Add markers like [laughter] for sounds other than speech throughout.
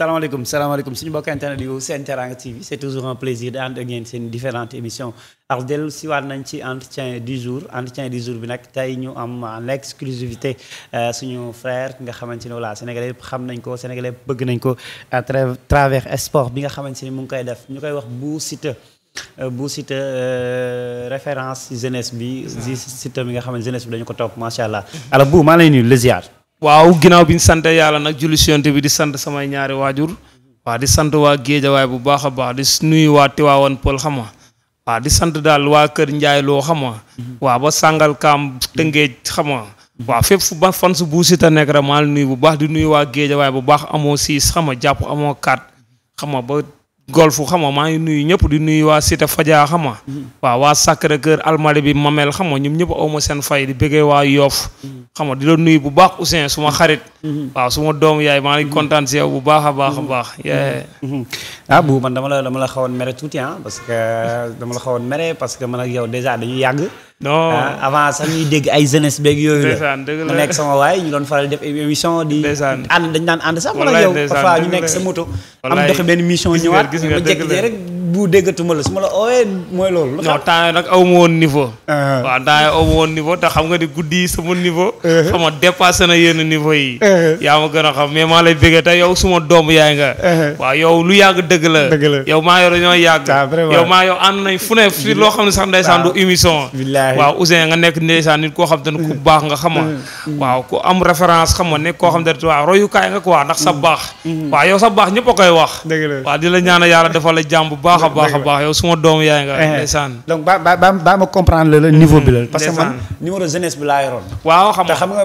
salaamaaleykum salaamaaleykum suñu mbokk internet yu Sen Teranga TV c'est toujours un plaisir di ànd ak yéen seen différentes émissions alors dellu si waat nañ ci entretien du jour entretien du jour bi nag tey ñu am en exclusivité euh, suñu frère nga xamante ni voilà sénégalais yëpp xam nañ ko sénégalais bëgg nañ ko à travers sport bi nga xamante ni mu ngi koy def ñu koy wax Bou Siteu euh, Bou Siteu euh, référence jeunesse bi. di Siteu bi nga xamante jeunesse bi dañu ko topp macha allah. Mm-hmm. alors Bou maa lay nuyu le waaw ginnaaw bi ñu yàlla nag julli si bi di sant samay ñaari waajur waa di sant waa Géejawaay bu baax a baax di nuyu waa Tiwaawan Pël xam waa di sant daal waa Kër Njaay loo xam nga waa ba sàngal kaam Tëngéej xam waa fépp fu ba fan su Bou Siteu nekk rek maa nuyu bu baax di nuyu waa géeja Géejawaay bu baax amoo siis xam jàpp amoo kaat xam nga ba golfu xam nga maa ngi nuyu ñëpp di nuyu waa Cité Fadia xam nga mm-hmm. waaw waa Sacré Cœur Almadi bi mameel xam nga ñoom ñëpp aw ma seen fay di bëggee waa Yoff mm-hmm. xam nga di la nuyu bu baax Ousseyn suma mm-hmm. xarit waaw su doom yaay maa ngi kontaan si yow bu baax a baax a baax ah bu man dama la dama la xawoon mere tuuti ah parce [laughs] dama la xawoon mere parce que man ak yow dèjà dañu yàgg non ah, avant sax ñuy dégg ay jeunesse beeg yooyu la mu nekk sama waay ñu doon faral def émission di ànd dañ daan ànd sax man ak yow parfois ñu nekk sa moto am doxe benn mission ñëwaat ma jekk rek bu déggatuma la su ma la oowee mooy loolu. non temps yii nag ah. aw woon niveau. te xam nga di guddi yi sama niveau. xam ah. nga dépassé na yenn niveau yi. Ah. yaa ma gën a xam mais maa lay bëggee te yow suma doom yaay nga. waaw yow lu yàgg dëgg la. dëgg la yow maa yor ñoo yàgg. yow maa yow ànd nañ fu ne fi loo xam ne sax ndeysaan du émission. waaw Ouzin nekk koo xam te ne ku mm. baax nga xam mm. Mm. waaw ku am référence xam nekk koo xam te ne waaw royukaay nga quoi ndax sa baax. waaw yow sa baax ñëpp a koy wax. dëgg la waaw yàlla defal la jàmm baax a baax a yow suma doomu yaay nga. Eh, ndeysaan donc ba ba ma comprendre la niveau bi la. parce man numéro jeunesse bi laa yoroon. waaw xam nga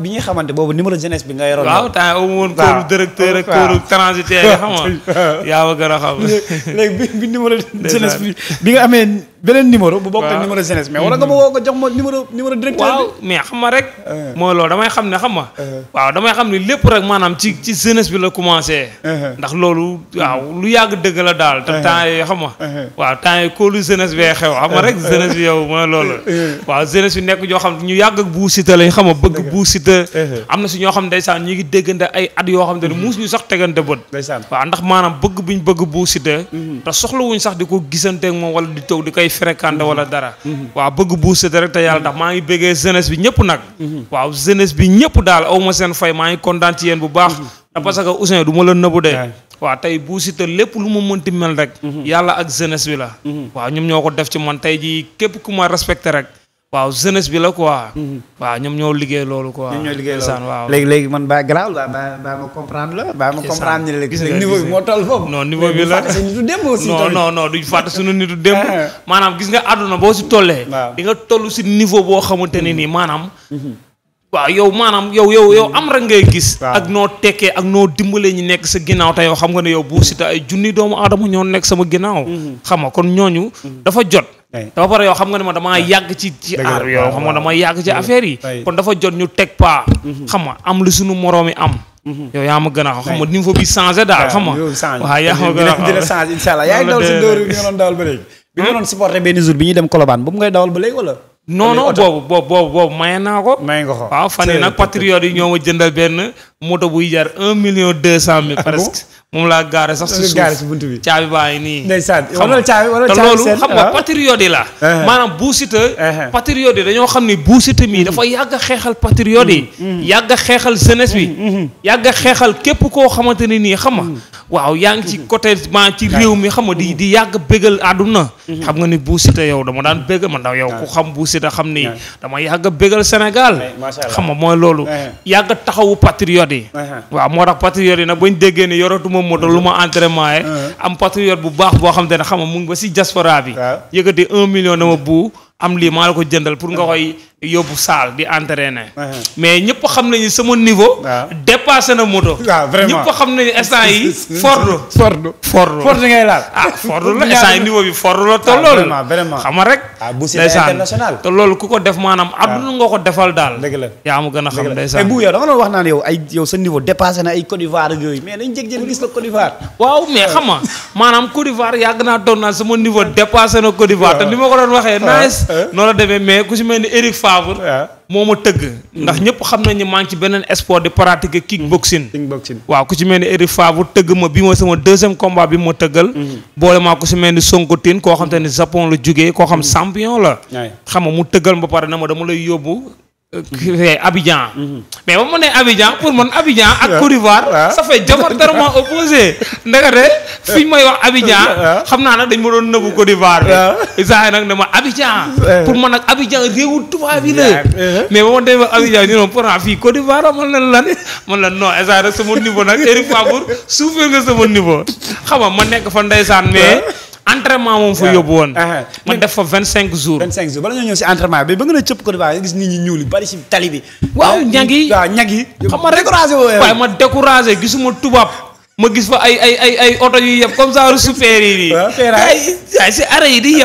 bi ñuy xamante boobu numéro jeunesse bi nga yoroon. waaw temps amu woon kóoru directeur ak kóoru transitaire [laughs] yaa ma gën a xam. léegi bi bi jeunesse bi bi nga amee. beneen numéro bu bokk numéro jeunesse mais wala nga ma woo ko jox ma numéro numéro directeur bi waaw mais xam ma rek euh. mooy loolu damay xam ne xam ma euh. waaw damay xam ne lépp rek maanaam ci ci jeunesse bi la commencé euh. ndax loolu waaw lu yàgg dëgg la daal te temps yi xam ma waaw temps yi kóolu jeunesse bee xew xam ma rek jeunesse loolu waaw jeunesse bi nekk joo xam ñu yàgg ak Bou Siteu lañ xam ma bëgg Bou Siteu am na si ñoo xam ne ndeysaan ñu ngi déggante ay at yoo xam ne mm-hmm. muus ñu sax tegante bët waaw ndax maanaam bëgg buñ bëgg Bou Siteu mm-hmm. te soxlawuñ sax di ko gisanteeg moom wala di taw di koy fréquenté wala dara waaw bëgg boosté rek te yàlla ndax maa ngi bëggee jeunesse bi ñëpp nag waaw jeunesse bi ñëpp daal aw ma seen fay maa ngi kontaan bu baax da parce que Ouzin la nëbbu de waaw tey Bou Siteu lépp lu ma mënti mel rek mhm. yàlla ak jeunesse bi la mhm. waaw ñoom ñoo ko def ci man tey ji képp ku ma rek waaw jeunesse bi la quoi. Mhm. waaw ñoom ñoo liggéey loolu ko ñoom ñoo liggéey waaw. léegi léegi man baa garaaw la baa ma comprendre la. baa ma comprendre la gis nga niveau bi moo toll foofu. non niveau bi la non non non duñ fàtte suñu [laughs] maanaam gis nga àdduna boo si tollee. di nga toll si niveau boo xamante ne nii mhm. maanaam. Mhm. waa yow maanaam yow yow yow am rek ngay gis. ak noo tekkee ak noo dimbalee ñi nekk sa ginnaaw te yow xam nga ne yow si Siteu ay junni doomu aadama ñoo nekk sama ginnaaw. xam nga kon ñooñu. dafa jot. dafa pare yow xam nga ne ma damaa yàgg ci ci aar yow xam nga dama yàgg ci affaire yi kon dafa jot ñu teg pas mhm. xam nga am lu suñu moroomi am mhm. yow yaa ma a xam xam nga niveau bi changé daal xam nga waaw yaa ma gën a xam dina changé incha bi nga doon dawal ba léegi bi nga hmm? doon supporté bi ñuy dem Colobane boobu ngay dawal ba léegi wala non non boobu boobu boobu naa ko maye nga ko waaw fan yi nag patriote yi ñoo ma jëndal benn moto buy jar un million deux cent mille ah, ah, presque moom laa a sax si suuf caabi baa ngi nii. ndeysaan wala caabi wala caabi seen te loolu xam nga ah. eh. eh. patriote yi la. maanaam mii dafa yàgg a xeexal patriote yi. Mm, mm. yàgg xeexal jeunesse bi. Mm, yàgg xeexal képp koo xamante ne nii xam nga. waaw yaa ngi ci côté maa ci réew mi xam di di yàgg bégal àdduna. Mm-hmm. xam nga ni Bou Siteu yow dama daan bégal man daw yow ku xam Bou a xam ni dama yàgg a bégal Sénégal. xam nga mooy loolu. Eh. yàgg taxawu patriote yi. waaw moo tax patriote yi nag bañ déggee ne yoratuma moom moo tax lu ma entraînement yi am patriote bu baax boo xam te ne xam nga mu ngi ba si diaspora bi yëkkati un million na ma bu am lii maa la ko jëndal pour nga koy yóbbu saal di entraîner. Uh-huh. mais ñëpp xam nañu sama niveau. dépassé na moto. [laughs] waaw vraiment ñëpp xam nañu instant yi [laughs] Ford. Ford Ford Ford ngay laal. ah Ford la [laughs] instant yi niveau bi Ford ah, ku ko def maanaam. àdduna nga ko defal daal. yaa ma gën a xam ndeysaan. mais da nga doon wax naan yow ay yow sa niveau dépassé na ay Côte d'Ivoire ak yooyu mais dañ jékki-jékki gis la Côte d'Ivoire. waaw mais xam maanaam Côte d'Ivoire yàgg naa doon naa sama niveau dépassé na Côte d'Ivoire. te ni ma ko doon waxee nice. noonu la demee mais ku si mel Favre. moo ma tëgg. ndax ñëpp xam nañ ne maa ngi ci beneen sport di pratiquer kickboxing. kickboxing waaw ku ci mel ni Eric Favre tëgg ma bi ma sama deuxième combat bi ma tëggal. Mm-hmm. boole maa ku ci mel ni Sonkotin koo xam te ne Japon la jugee koo xam mm-hmm. champion la. xam nga mu tëggal ma pare na ma dama lay yóbbu. Euh, Abidjan. Mm-hmm. mais ba mu ne Abidjan pour man Abidjan ak Côte d'Ivoire. ça fait diamétralement [laughs] opposé ndekete fi may wax Abidjan. xam naa nag dañ ma doon nëbu Côte d'Ivoire. waaw saa nag ne ma Abidjan. pour man nag Abidjan réewu tubaab yi la. Uh-huh. mais ba ma demee ba Abidjan ñu ne pourtant fii Côte d'Ivoire man lan lan man la non saa nag sama niveau nag Eric Fagour suufee nga sama niveau xam ma nekk fa ndeysaan mais. entraînement moom fa yóbbu woon. Uh-huh. ma def fa vingt cinq jours. vingt cinq jours bala nga ñëw si entraînement bi ba a cëpp ko dafaa gis eh, yi bari yi xam ma découragé woo waaye gisuma tubaab. ma gis fa ay ay ay ay oto yu yëpp comme ça super yi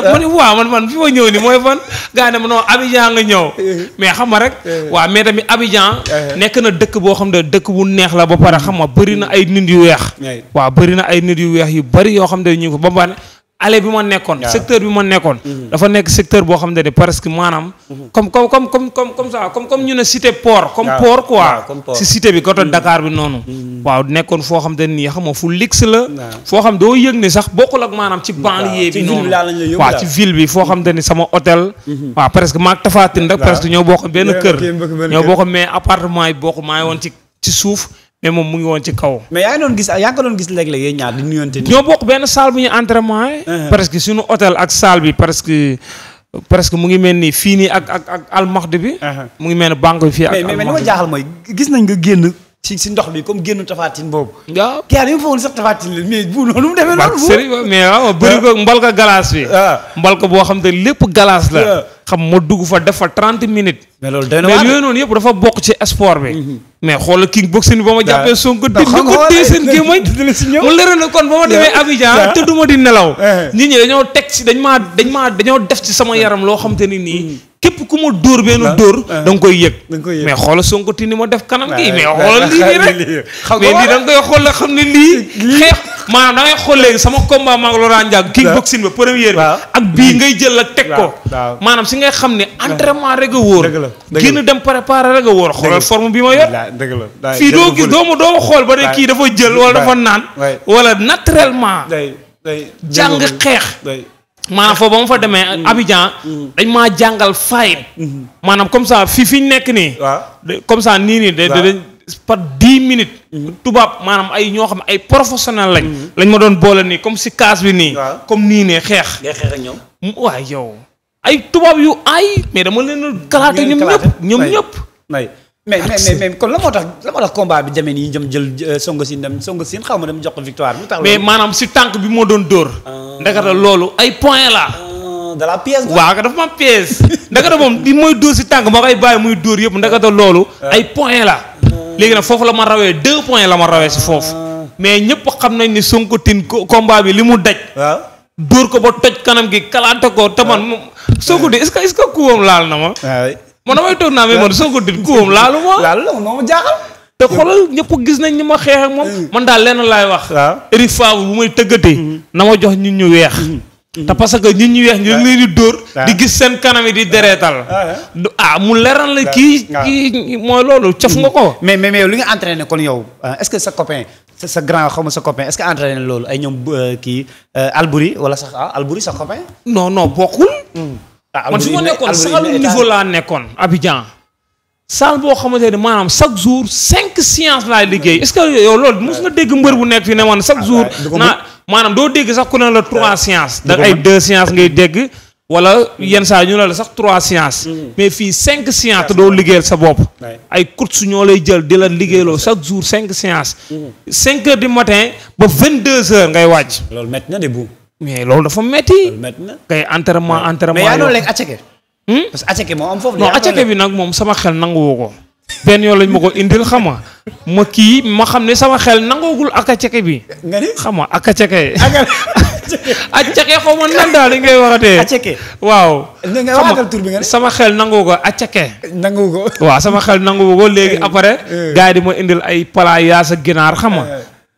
man man fi ñëw mooy fan. gaa ne ma non Abidjan nga ñëw. Eh. mais xam nga rek. Eh. waaw mais tamit Abidjan. nekk na dëkk boo xam ne dëkk bu neex la ba pare xam nga bëri na ay nit yu weex. waaw bëri na ay nit yu weex yu bëri yoo xam ne ñu ko ba allé bi ma nekkoon. secteur bi ma nekkoon. Mm-hmm. dafa nekk secteur boo xam ne de parce que maanaam. Mm-hmm. comme comme comme comme comme ça comme comme ñu ne cité port. comme port quoi si cité bi côté mm-hmm. Dakar bi noonu. waaw nekkoon foo xam te nii xam nga fu lix la. foo xam doo yëg ni sax bokkul ak maanaam ci banlieue bi noonu waaw ci ville bi foo xam te ni sama hôtel. waaw presque maag Tapha Tine rek presque ñoo bokk benn kër. ñoo bokk mais appartement yi bokk maa ngi woon ci ci suuf. mais moom mu ngi woon ci kaw. mais yaa ngi doon gis yaa ngi ko doon gis léeg-léeg yéen ñaar di nuyonte. ñoo bokk benn salle bu ñu entraînement yi. Uh-huh. presque suñu hôtel ak saal bi presque. presque mu ngi mel nii fii nii ak ak ak almaxd bi. Uh-huh. mu ngi mel ni banque bi fii ak. almaxd mais mais gis nañ nga génn. ci si ndox bi comme génn tafaatin boobu. waaw kii dañu foofu woon sax tafatin la mais bu noonu mu demee noonu. bu mais waaw bëri uh-huh. ko mbal ko galaas bi. mbal ko boo xam te lépp galaas la. xam ma dugg fa def fa trente minutes. mais loolu yooyu noonu yëpp dafa bokk ci sport bi. Mhm. mais xoolal king boxing ba ma jàppee Sonko. di ko dee seen [laughs] gémmañ mu leer na kon ba ma demee Abidjan tëdduma di nelaw. Eh. nit ñi dañoo teg si dañ maa dañ maa dañoo def ci sama eh. yaram loo xam te ni nii. Mhm. képp ku ma dóor benn dóor da nga koy yëg mais xoola Sonko ti ni ma def kanam gi mais xoola lii nii rek mais lii da xool la xam ne lii xeex maanaam da ngay xool léegi sama combat maag Laurent Ndiago king boxing ba première bi ak bii hmm. ngay jël ak teg ko maanaam si ngay xam ne entraînement rek a wóor génn dem préparer rek a wóor xoolal forme bi ma yor fii doo gis doomu doomu xool ba ne kii dafa jël wala dafa naan wala naturellement jàng xeex maanaam foofu ba ma fa demee mm-hmm. Abidjan mm-hmm. dañ maa jàngal fight mm-hmm. maanaam comme ça fii fi ñu nekk nii comme ça nii nii da dañ par dix minutes tubaab maanaam ay ñoo xam ay professionnel lañ lañ ma doon boole nii comme si kaas bi nii comme nii nee xeex waay yow ay tubaab yu ay mais dama leen kalaate ñoom ñëpp ñoom ñëpp mais mais mais kon la moo tax la bi jamono yi jëm jël euh, songo siin dem songo siin xaw ma dem jox victoire bi. mais maanaam si tànk bi moo doon dóor. Ah. ndekete loolu ay point la. Ah, de la pièce waaw dafa mooy dóor si tànk ma koy bàyyi muy dóor yëpp ndekete loolu. Ah. ay point la. léegi nag foofu la ma rawee deux points la ma rawee si foofu. mais ñëpp xam nañ ni sonko tin combat bi li mu daj. dóor ko ba toj kanam gi kalaate ko te man. soo ko di est ce que est kuwam laal na ma. man damay toog naa mais man soo ko dit kuwam laalu ma. laalu la moom jaaxal. te xoolal ñëpp gis nañ ni ma xeex ak moom. Mm. man daal lenn laay wax. waaw Eric Favre bu may tëggatee. Mm-hmm. na ma jox ñun ñu weex. Mm-hmm. Mm-hmm. te parce que ñun ñu weex ñu ngi leen di dóor. di gis seen kanam yi di dereetal. Ah, ah. ah mu leeral la kii kii mooy loolu cof nga ko. mais mais mais yow li nga entraîné kon yow euh, est-ce que sa copain. sa xaw ma sa copain est-ce que loolu ay ñoom euh, kii euh, Albouri wala sax ah Albouri sax copain. non non bokkul. Mm. man ah, su ma nekkoon saalu niveau laa nekkoon Abidjan saal boo xamante ne maanaam chaque jour cinq séances laay liggéey est-ce que yow loolu mos nga dégg mbër bu nekk fi ne man chaque ah, jour naa maanaam doo dégg sax ku ne la trois séances da ay deux séances ngay dégg wala mm. yenn saa ñu ne la sax trois séances mm. mais fii cinq séances te doo liggéeyal sa bopp ay course ñoo lay jël di la liggéeyloo mm. chaque jour cinq séances cinq heures du matin ba vingt deux heures ngay wàcc loolu métti na bu mais loolu dafa metti. metti na kay entraînement entraînement. mais yaa doon lekk aceke. bi nag moom sama xel nanguwoo ko. benn yoon lañ ma ko indil xama ma kii ma xam ne sama xel nangoogul ak aceke bi. nga ni xama ak aceke. [laughs] aceke xaw ma nan daal li ngay waxatee. aceke waaw. nga waxatal tur bi nga sama xel nangoo ko aceke. nangu ko sama xel nangu ko léegi [laughs] après. Eh. gars yi di ma indil ay pala sa ginaar xama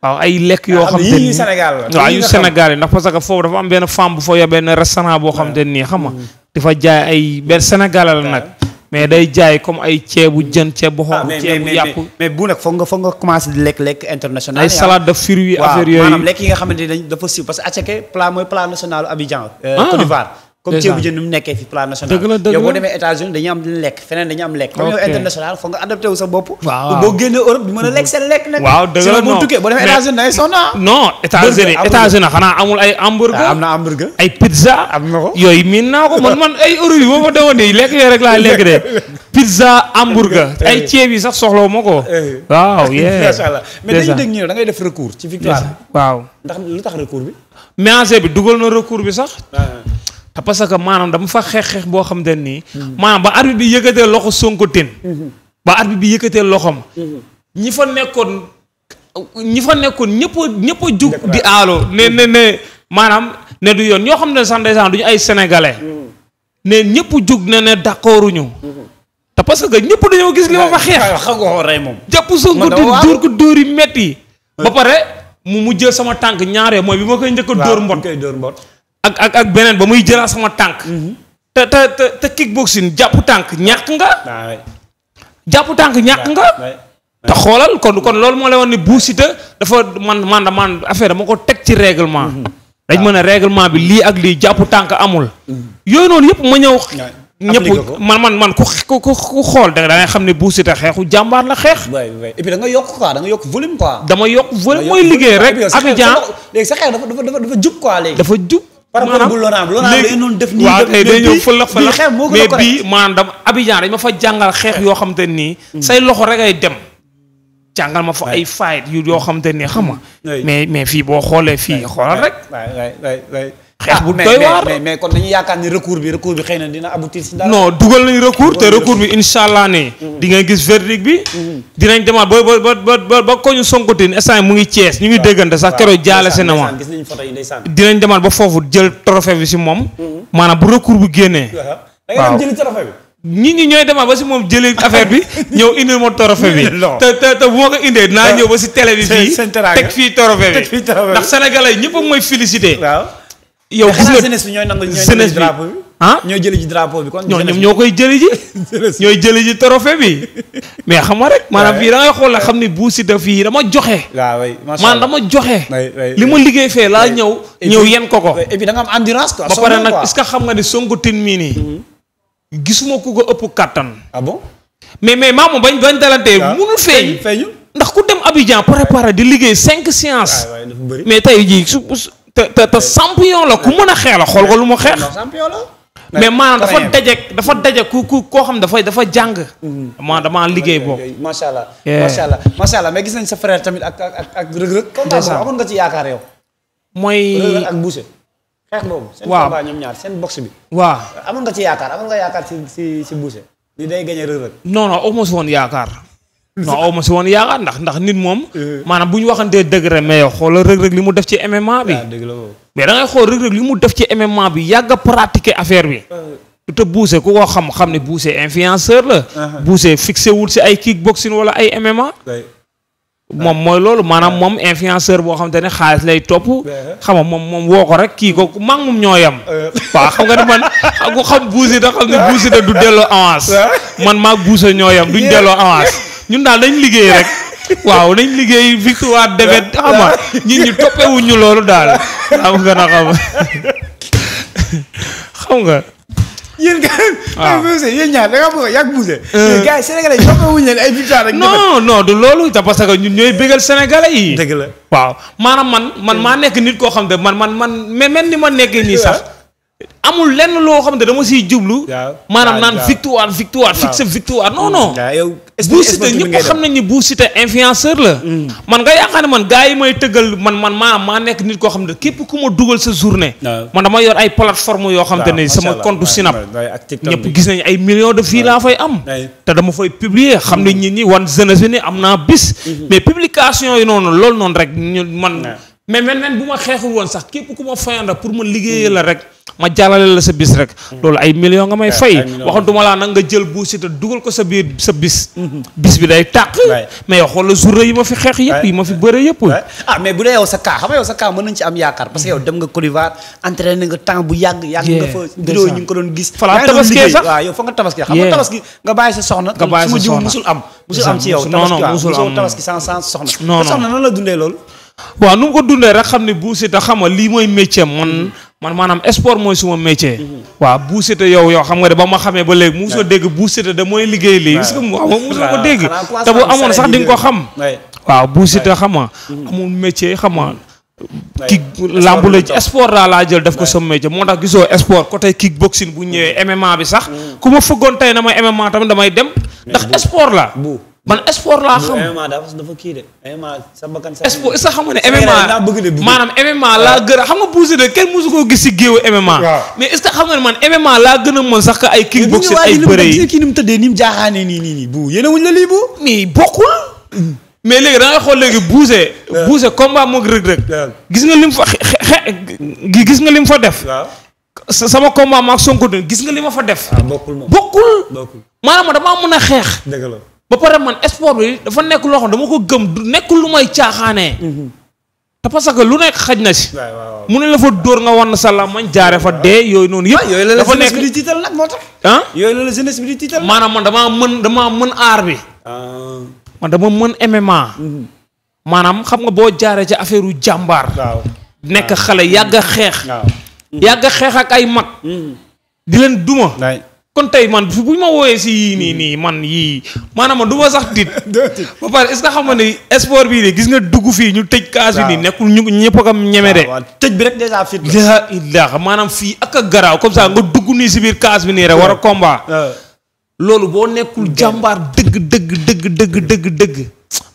waaw ay lekk yoo ah, xam ne ni waaw yu Sénégal yi ndax parce foofu dafa am benn femme bu fa yor benn restaurant boo xam ne nii xam nga mm. dafa jaay ay benn Sénégalais la nag mais day jaay comme ay ceebu jën ceeb bu xonq ceebu ah, yàpp mais bu nag foog nga foog nga commencé di lekk lekk international ay salade de fruits affaire yooyu lekk yi nga xamante ne dañ dafa siiw parce que attiéké plat mooy plat national Abidjan euh, ah. Côte comme ceebu jën nu mu nekkee fi plan national dëgg la la yow boo demee États-Unis dañuy am lekk feneen dañuy am lekk comme nga adapté wu bopp boo génnee Europe di mën a lekk seen lekk nag waaw dëgg la boo tukkee boo demee états ah. ah, ay pizza ko yooyu miin naa ko man man ay Europe yi boo ma demoon nii lekk yooyu rek laa lekk de [laughs] pizza hamburger eh. ay ceeb yi sax soxla ma ko eh. waaw [laughs] macha mais dañu dégg ñu da ngay def recours ci victoire waaw ndax lu tax recours bi manager bi dugal na recours bi sax ah. te parce que maanaam dama fa xeex xeex boo xam te nii. maanaam ba arbitre bi yëkkatee loxo Sonko ten ba arbitre bi yëkkatee loxoom. ñi fa nekkoon ñi fa nekkoon ñëpp a ñëpp a jug. di maanaam ne du yoon ñoo xam ne sax ndeysaan duñu ay sénégalais. ne ñëpp jug ne ne d'accord ñu. te parce que ñëpp dañoo gis li ma fa xeex. xam nga dóor ko dóor yi metti ba pare mu mu jël sama tànk ñaaree mooy bi ma koy njëkk a dóor mbot. ak ak ak beneen ba muy jëla sama tànk. Mhm. te te te te kickboxing jàpp tànk ñàkk nga. jàpp tànk ñàkk nga. te xoolal kon kon loolu moo lay wax ne Bou Siteu dafa man man man affaire dama ko teg ci règlement. Mhm. dañ ah. mën a réglement bi lii ak lii jàpp tànk amul. Mhm. yooyu noonu yëpp ma ñëw. ñëpp man man man ku ku xool da ngay xam ne Bou Siteu xeexu jàmbaar la xeex. waay waay et nga yokk quoi da nga yokk volume quoi. dama yokk volume mooy liggéey rek. ak ah, jaan léegi sa xeex dafa dafa dafa jub quoi léegi. dafa jub. par rapport bu Laurent Laurent lay def nii waaw tey day ñëw fëlax fëlax mais bii maanaam dama Abidjan dañ ma fa jàngal xeex yoo xam te nii mm. say loxo rek ay dem jàngal ma fa ay faayit yu yoo xam te nii xam mais mais fii boo xoolee fii xoolal rek xeex bu ah, doy waar mais mais kon dañuy ni recours bi recours bi xëy na dina aboutir si dara. non dugal nañ recours te recours bi incha allah ne. Mm-hmm. di nga gis verdict bi. Mm-hmm. dinañ demaat ba ba ba ba ba ñu sonkotin instant yi mu ngi Cees ñu ngi déggante sax keroog jaale si na ma. dinañ demaat ba foofu jël trophée bi si moom. Mm-hmm. maanaam bu recours bi génnee. [laughs] waaw da nit ñi ñooy demaat ba si moom jëlee [laughs] affaire bi ñëw indil ma trophée bi. [laughs] te te te bu ma ko indee naa ah. ñëw ba si télé bi fii. teg fii trophée bi ndax sénégalais ñëpp mooy félicité. yow gis nga jeunesse bi ñooy koy ah? ñooy jëli ji [laughs] mais xam nga rek maanaam fii da ngay xool la xam ne Bou Siteu fii dama joxe maanaam dama joxe li ma liggéey fee laa ñëw ñëw yen ko ko da am endurance quoi ba pare nag est que xam nga ni Sonko Tine mii nii mm-hmm. gisuma ku ko ëpp kàttan ah bon mais mais maamu bañ bañ dalantee ah. munul feeñ ndax ku dem Abidjan préparé di liggéey cinq séances ah, mais tey jii su te te te champion la ku mën a xeex la xool ko lu mu xeex. champion la. mais maanaam dafa daje dafa mm. daje ku koo xam dafa dafa jàng. Mm. ma damaa liggéey boobu. macha allah macha allah macha allah mais gis nañ sa tamit ak ak ak Reug ci yaakaar yow. mooy Reug Reug ak Boucher. xeex boobu seen combat ñaar seen box bi. waa amoon nga ci yaakaar amoon nga yaakaar ci ci ci Boucher. li day gagné Reug Reug. non non ma si woon yaakaar. non aw ma si woon yaakaar ndax ndax nit moom. Eh. maanaam bu ñu waxantee dëgg rek mais yow xoolal Reug li mu def ci MMA bi. Ah, mais da ngay xool Reug Reug li mu def ci MMA bi yàgg a pratiquer affaire bi. Ah. te Bousse ku ko xam xam ne Bousse influenceur la. Ah. Bousse fixé wul si ay kickboxing wala ay MMA. moom mooy loolu maanaam moom influenceur boo xam te ne xaalis lay topp. xam nga moom moom woo ko rek kii ko mag moom ñoo yam euh. waaw xam nga ne man ku xam Bousse da xam ne Bousse da du delloo avance. man maag Bousse ñoo yem duñ delloo avance. ñun daal dañ liggéey rek waaw nañ liggéey victoire défaite xam nga nit toppewuñu loolu daal xam nga na xam xam nga. yéen gars yi yéen ñaar da ngaa a yàgg buuse. Euh. gars yi sénégalais yi toppewuñu leen ay victoire rek. non non du loolu te parce que ñun ñooy bégal sénégalais yi. waaw maanaam man maa nekk nit koo xam ne man man man mel ni ma nekkee nii sax. amul lenn loo xam ne dama siy jublu. maanaam naan victoire victoire. fixe victoire non non. yow Bou Siteu ñëpp xam nañ ni Bou influenceur la. Hmm. man nga yaakaar ne man gars yi may tëggal man man maa maa nekk nit koo xam ne képp ku ma dugal sa journée. man dama yor ay plateforme yoo xam te ne sama compte Sinap. ñëpp gis nañ ay millions de vues laa fay am. te dama fay publier xam ne nit ñi wan jeunesse bi ne am naa bis. Hmm. mais publication yi noonu lool noonu rek ñu man. mais mel mel bu ma xeexul woon sax képp ku ma fayanda pour ma liggéeyee mm. la rek ma jàllale la sa bis rek mm. loolu ay millions nga may eh, fay waxantuma laa nag nga jël Bou Siteu dugal ko sa biir sa bis mm-hmm. bis bi day tàq mais yow xoolal journée yi fi xeex ma fi bëre yëpp ah nga yaakaar parce mm. nga Côte d'Ivoire entraîné nga temps bu yàgg ngi ko doon gis falaa tabaskee sax waaw yow fa nga tabaskee xam nga tabaski nga bàyyi sa soxna nga bàyyi sa soxna musul am musul am ci la dundee loolu waaw nu mu ko dundee rek xam ne Bou Siteu xam nga lii mooy métier man mhm. man maanaam sport mooy suma métier. Mhm. waaw Bou Siteu yow yow xam nga de ba ma xamee ba léegi mosoo dégg Bou Siteu mooy liggéey lii parce que mosoo ko dégg te bu amoon sax di nga ko xam waaw Bou Siteu xam nga mhm. amul métier xam nga kick làmb la sport daa laa jël def ko sa métier moo tax gisoo sport côté kick boxing bu ñëwee MMA bi sax ku ma fëggoon tey na may MMA tamit damay dem ndax sport la man sport laa xam dafa kii de MMA sa bakkan sa sport sax xam nga ne maanaam MMA laa gën a xam nga poussé de kenn su koo gis si géewu MMA mais est ce que xam nga ne man MMA laa gën a mën sax ka ay kickboxing ay bëre yi kii ni mu tëddee ni mu jaaxaanee nii nii nii bu yéen a wuñ mais bokkul mais léegi da xool léegi buuse buuse combat moog Reug Reug gis nga lim fa xe gis nga lim fa def sama combat maag Sonko gis nga li ma fa def ah, bokkul maanaam ma damaa mën a xeex ba pare man sport bi dafa nekk loo xam dama ko gëm du nekkul lu may caaxaanee. Mhm. te parce lu nekk xaj na si. mu ne la fa dóor nga wan sa lamañ jaare fa dee yooyu noonu yëpp. dafa nekk yooyu la la jeunesse moo tax. ah yooyu la la bi di tiital. maanaam man damaa mën damaa mën aar bi. Ah. man dama mën MMA. Mhm. maanaam xam nga boo jaaree ci affaire u jàmbaar. nekk ah. xale yàgg xeex. yàgg a xeex ak ay mag. Mhm. di leen duma. kon tey man bu ñu ma wooyee si yii nii mm. nii man yii maanaam man du sax [laughs] tiit ba pare est-ce xam nga ni sport bii de gis nga dugg fii ñu tëj kaas bi nii nekkul ñu ñëpp a ko ñeme de tëj bi rek dèjà fit la ilaaha maanaam fii ak a garaaw comme ça nga mm. dugg nii si biir kaas bi nii rek war a combat loolu boo nekkul jàmbaar dëgg dëgg dëgg dëgg dëgg dëgg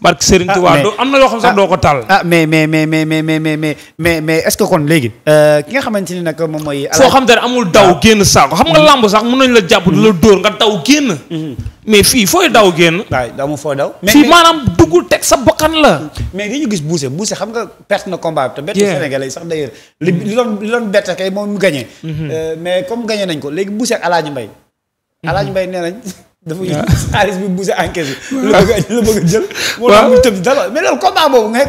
barke Serigne Touba ah, doo am na yoo xam sax ah, doo ko taal. ah mais mais mais mais mais mais mais mais est-ce que kon léegi. Euh, ki nga xamante ni nag moom mooy. foo xam te ne amul daw ah. génn saako xam nga mm-hmm. làmb sax mun nañ la jàpp di la mm-hmm. dóor nga daw génn. Mm-hmm. mais fii fooy daw génn. waaw daa ma foo daw. mais fii maanaam dugg teg sa bakkan la. mais li ñu gis Bousse Bousse xam nga perte na combat bi te bett Sénégalais sax d'ailleurs li li doon li doon bett kay moom mu gagné. Euh, mais comme gagné nañ ko léegi Bousse ak El Hadj Mbaye. El Hadj Mbaye nee nañ. dafa yéex xaalis bi bouse encaisse bi. [laughs] lu bëgg lu boobu nga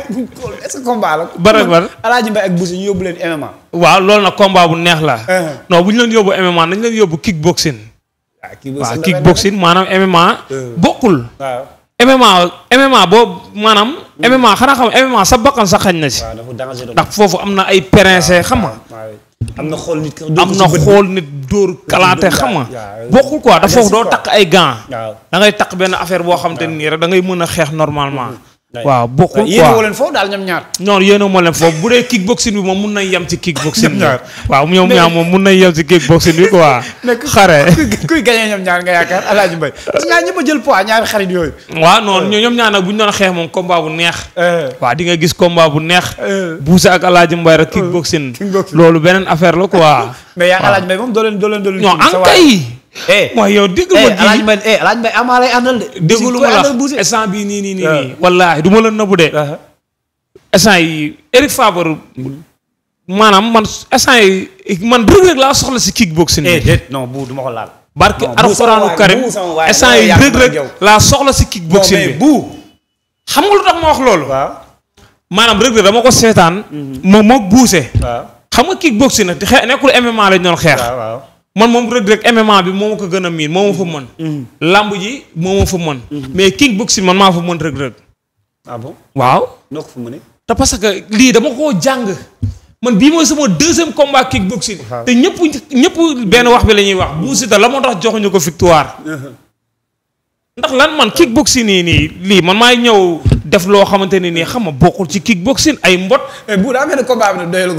est ce que combat la. bara ñu yóbbu leen MMA. waaw loolu nag combat bu neex la. Uh-huh. non bu ñu leen yóbbu MMA nañ leen yóbbu kickboxing. waaw ah, kickboxing waaw kickboxing maanaam MMA. Uh-huh. bokkul. waaw MMA boobu maanaam. MMA xanaa xam MMA sa bakkan sa xañ na si. waaw dafa ndax foofu am na ay. waaw xam nga. am na xool nit am na xool nit dóor kalaate xam nga bokkul quoi dafa doo takk ay gants. dangay taq benn affaire boo xam te nii rek da ngay mën a xeex normalement. Mm-hmm. waaw bokkul quoi yéen a leen foofu daal ñoom ñaar. non yéen a moo leen foofu bu dee kickboxing bi moom mun nañ yem ci kickboxing bi. waaw ñoom ñaar moom mun nañ yem ci kickboxing bi quoi. xare kuy gagné ñoom ñaar nga yaakaar El Hadj Mbaye. parce que ñaar ñëpp a jël poids ñaari xarit yooyu. waaw non euh. ñoom ñaar nag bu ñu doon xeex moom combat bu neex. Euh. waaw di nga gis combat bu neex. Euh. Boussa ak El Hadj Mbaye rek kickboxing. kickboxing loolu beneen affaire la quoi. [laughs] mais yaa El Hadj Mbaye moom doo leen doo leen doo leen. non ankay mooy eh. yow dégg ma eh, ji eh, lu ma la instant bii nii nii nii nii. wallaahi du ma la nëbbu de. yi Eric Favre. maanaam man instant yi man Reug laa soxla si kickboxing bi. déet non ko laal. barke laa soxla si kickboxing bi. bu xam nga lu tax ma wax loolu. maanaam Reug dama ko seetaan. Mhm. moom moog buuse. xam nga kickboxing nag te xee nekkul MMA lañ doon xeex. man moom Reug Reug MMA bi moo ma ko gën a miin moo ma fa mën. Mm-hmm. làmb ji moo ma fa mën. Mm-hmm. mais kickboxing man maa fa mën Reug Reug. Ah waaw. noo ko fa mënee. te parce que lii dama koo jàng man bii mooy sama deuxième combat kickboxing. te ñëpp ñëpp benn wax bi la ñuy wax. Bou Siteu la moo tax joxuñu ko victoire. Uh-huh. ndax lan man kickboxing yi nii lii man maay ñëw. def loo xamante ne nii xam nga bokkul ci kickboxing ay mbot. Eh, bu daa ne ko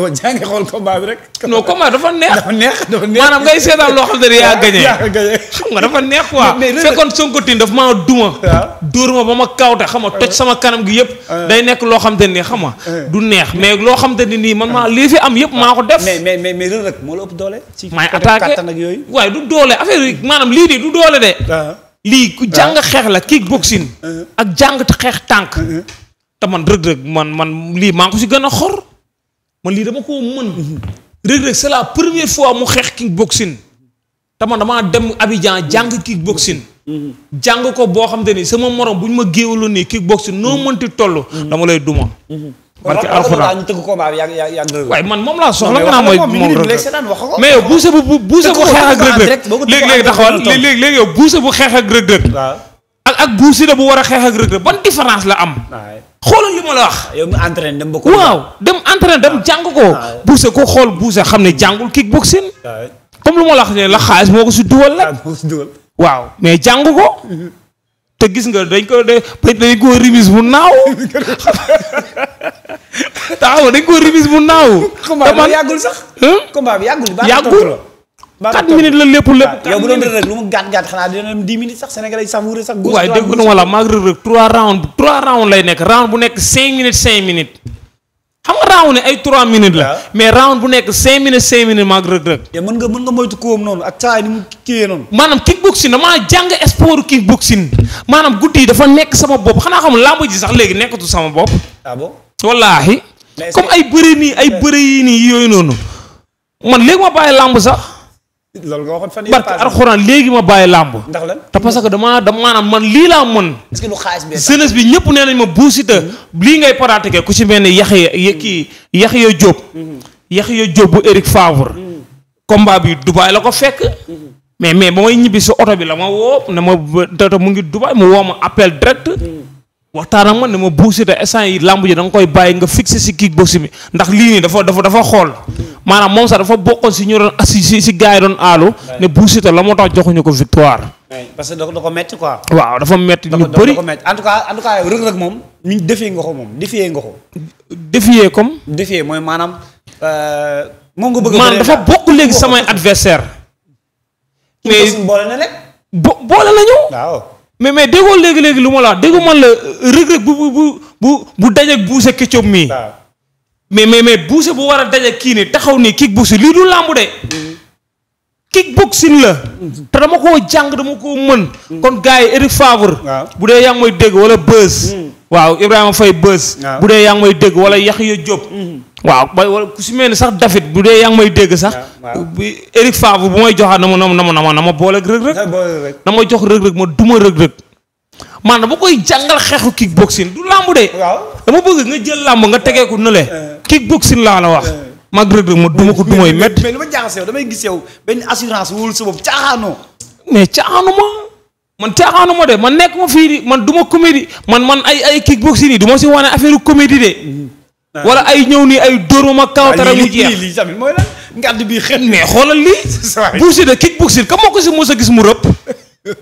jàngi xool combat bi rek. non combat dafa neex. dafa neex dafa neex maanaam ngay seetaan loo xam ne [laughs] yaa gagné. xam nga dafa neex quoi. fekkoon Sonko Tine daf maa duma. Ah. dóor ma ba ma kawte xam nga toj sama kanam gi yëpp. Ah. day nekk loo xam ne nii xam nga ah. du neex mais loo xamante ne nii man maa lii fi am yëpp maa ko def. mais mais mais mais doole. ci yooyu waaye du doole affaire maanaam lii nii du doole de. lii ku ah. jàng xeex la kickboxing ah. ak jàng xeex tànk. Ah. te man Reug man man lii maa ngi ko si gën a xor man lii dama ko mën. Reug Reug c'est la première fois mu xeex kickboxing te man dama dem abijan jàng kickboxing jàng ko boo xam te ni sama moroom bu ñu ma géewaloon nii kickboxing noo mënti toll. dama lay duma. parce que alxuraan ñu tëgg combat bi yaa ngi waaye man moom laa soxla nga naa mooy moom mais yow buuse bu buuse bu xeex ak rëg rëg léegi léegi taxawal léegi yow buuse bu xeex ak rëg rëg war a xeex ak rëg rëg ban différence la am xoolal li ma la wax. Ah, yow dem ba ko. waaw dem entraîné dem ah. jàng ko. Ah. buuse ko xool buuse xam ne jàngul kickboxing. comme lu ma la wax ne la xaalis moo ko si dugal la. waaw mais jàng ko. Mm-hmm. te gis nga dañ ko de dañ koo remise bu naaw. [laughs] taxaw dañ koo remise bu naaw. combat yàggul sax. combat bi yàggul baax yàggul. 4 la lépp lépp. yow bu doon rëg sax Sénégal yi sax mu sax. góosu waaye dégg nga wala maa ngi rëg rëg 3 lay nekk round bu nekk 5 minutes 5 minutes. xam nga round ne ay 3 minutes la. mais round bu nekk 5 minutes 5 minutes maag rëg rëg. te mën nga mën nga moytu kóom noonu ak taay ni mu kiiyee noonu. maanaam kickboxing damaa jàng sport kickboxing maanaam guddi yi dafa nekk sama bopp xanaa xam làmb ji sax léegi nekkatu sama bopp. ah bon wallaahi. comme ay bëri nii ay bëri yii nii yooyu noonu man léegi ma bàyyi làmb sax. loolu nga waxoon fan yii parce léegi ma bàyyi làmb. ndax lan te parce que damaa da maanaam man lii laa mën. est-ce que lu xaalis bi jeunesse bi nee nañ ma buusita. Mm-hmm. lii ngay pratiquer ku ci mel ni Yaxya mm-hmm. kii Yaxya Diop. Mm-hmm. Yaxya Diop bu Eric Favre. combat bi Dubaay la ko fekk. mais mais ba may ñibbi si oto bi la ma woo ne ma te mu ngi Dubaay mu woo ma appel direct. waxtaan ak man ne ma Bou Siteu instant yi làmb ji danga koy bàyyi nga fixé si kickboxing bi ndax lii nii dafa dafa dafa xool maanaam moom sax dafa bokkoon si si si si gars yi doon aalu ne tax joxuñu ko victoire. parce que da ko metti quoi. waaw dafa metti ñu moom. ñu defee nga ko moom defee nga ko. defee comme. defee mooy maanaam. Euh, moom nga bëgg maanaam dafa bokk léegi samay adversaire mais boole na leen. bo boole nañu. waaw. mais mais déggoo léegi léegi lu ma la déggu man la euh, Reug Reug bu bu bu bu dajeeg buuse Ketchup mii. mais mais mais buuse bu war a dajeeg kii nii taxaw nii kickboxing lii du làmb de. kickboxing la. te dama koo jàng dama koo mën. Mm. kon gars yi Eric bu dee yaa ngi mooy dégg wala Beuz. Mm. waaw Ibrahima Faye Beuz. bu dee yaa ngi may dégg wala Yaxya Diop. Mm-hmm. waaw bay wala ku si mel ni sax David bu dee yaa may dégg sax. waaw bi bu may joxaat na ma na ma na ma na ma booleeg Reug Reug. na ma jox Reug Reug ma duma maanaam bu koy jàngal xeexu kickboxing du làmb de. dama bëgg nga jël làmb nga tegee ko nële. Eh. kickboxing laa la wax. Eh. mag Reug Reug ma duma ko dumay métti. mais li ma jaaxase yow damay gis yow benn assurance wóolu sa bopp caaxaanoo. mais caaxaanu ma. man caaxaanu ma de man nekk ma fii di man duma ma man man ay ay kickboxing yi du ma si wane affaire comédie de. Mm-hmm. wala ay ñëw nii ay dóor ma ma kawtara mu jeex lii tamit mooy lan ngàdd bi xet mais xoolal lii. [laughs] Boucher de kickboxing ka moo ko si mos sa gis mu rëpp. [laughs]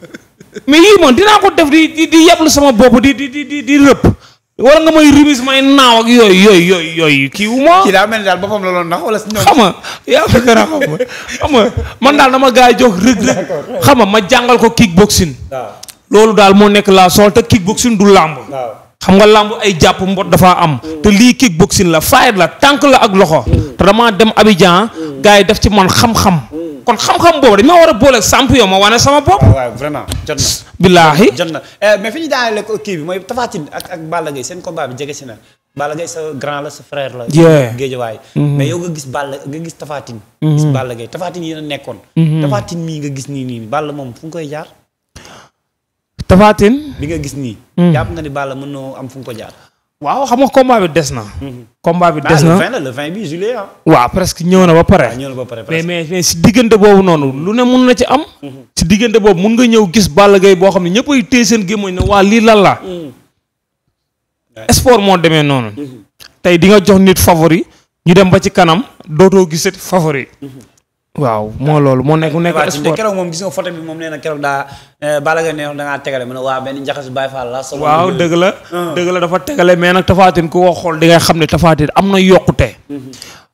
mais yii man dinaa ko def di di yeblu sama bopp di di di di rëpp. wala nga may remise may naaw ak yooyu yooyu yooyu yooyu kii wu ma. kii daa mel ni daal wala. xam nga yaa ngi gën a xam man daal dama gars yi jox rëg rëg xam nga ma jàngal ko kickboxing. waaw loolu daal moo nekk la sol te kickboxing du làmb. xam nga làmb ay jàpp mbot dafa am. te lii kickboxing la faayet la tànk la ak loxo. te damaa dem Abidjan. Mm. gars def ci man xam-xam. Mm. kon xam-xam boobu dañ ma war a boole samp yow ma wane sama bopp. waaw vraiment jot na. billaahi jot na eh, mais fi ñu daaneel ko kii bi mooy Tapha ak ak Balla Gaye seen combat bi jege si na Balla Gaye sa grand la sa frère la. géejawaay mm-hmm. mais yow nga gis Balla nga gis Tapha Tine. Mm-hmm. gis Balla Gaye Tapha a nekkoon. Mm-hmm. nga gis nii nii Balla moom fu nga koy jaar. Tapha bi nga gis nii. Mm. jàpp nga ni Balla mën noo am fu nga ko jaar. waaw xam nga combat bi des na. Mhm. combat bi des na le 20 bi juillet ah. waaw presque ñëw na ba pare. Ah, mais mais si diggante boobu noonu lu ne mun na ci am. Mhm. si diggante boobu mun nga ñëw gis Balla gay boo xam ne ñëpp ay téye seen gémmoñ na waa lii lan la. Mhm. sport moo demee noonu. tey di nga jox nit favori ñu dem ba ci kanam dootoo gisati favori. waaw moo loolu moo nekk nekk sport keroog moom gis nga photo bi moom nee na keroog daa eh, Balla Gaye nee da ngaa tegale mu a waa benn njaxas Baye la. waaw dëgg la ah. dëgg la dafa tegale mais nag tafaatin ku ko xool di ngay xam ne tafaatin am na yokkute. Mm-hmm.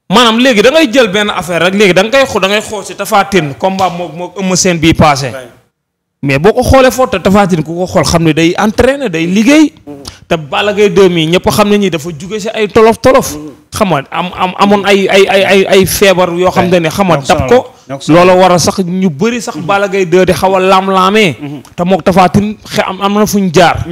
maanaam léegi da jël benn affaire rek léegi danga ngay xool da ngay xool si tafaatin combat moo moo ëmm seen bii paase. mais boo ko xoolee foofu te tafaatin ku ko xool xam ne day entraîné day liggéey. te Balla Gaye 2 mii ñëpp xam nañu dafa juge si ay tolof tolof. xam nga am am amoon ay ay ay ay feebar yoo xam ne xam nga dab ko. loola war a sax ñu bëri sax Balla gay 2 di xaw a laam-laamee. te moo Tapha Tine xe am am na fu ñu jaar.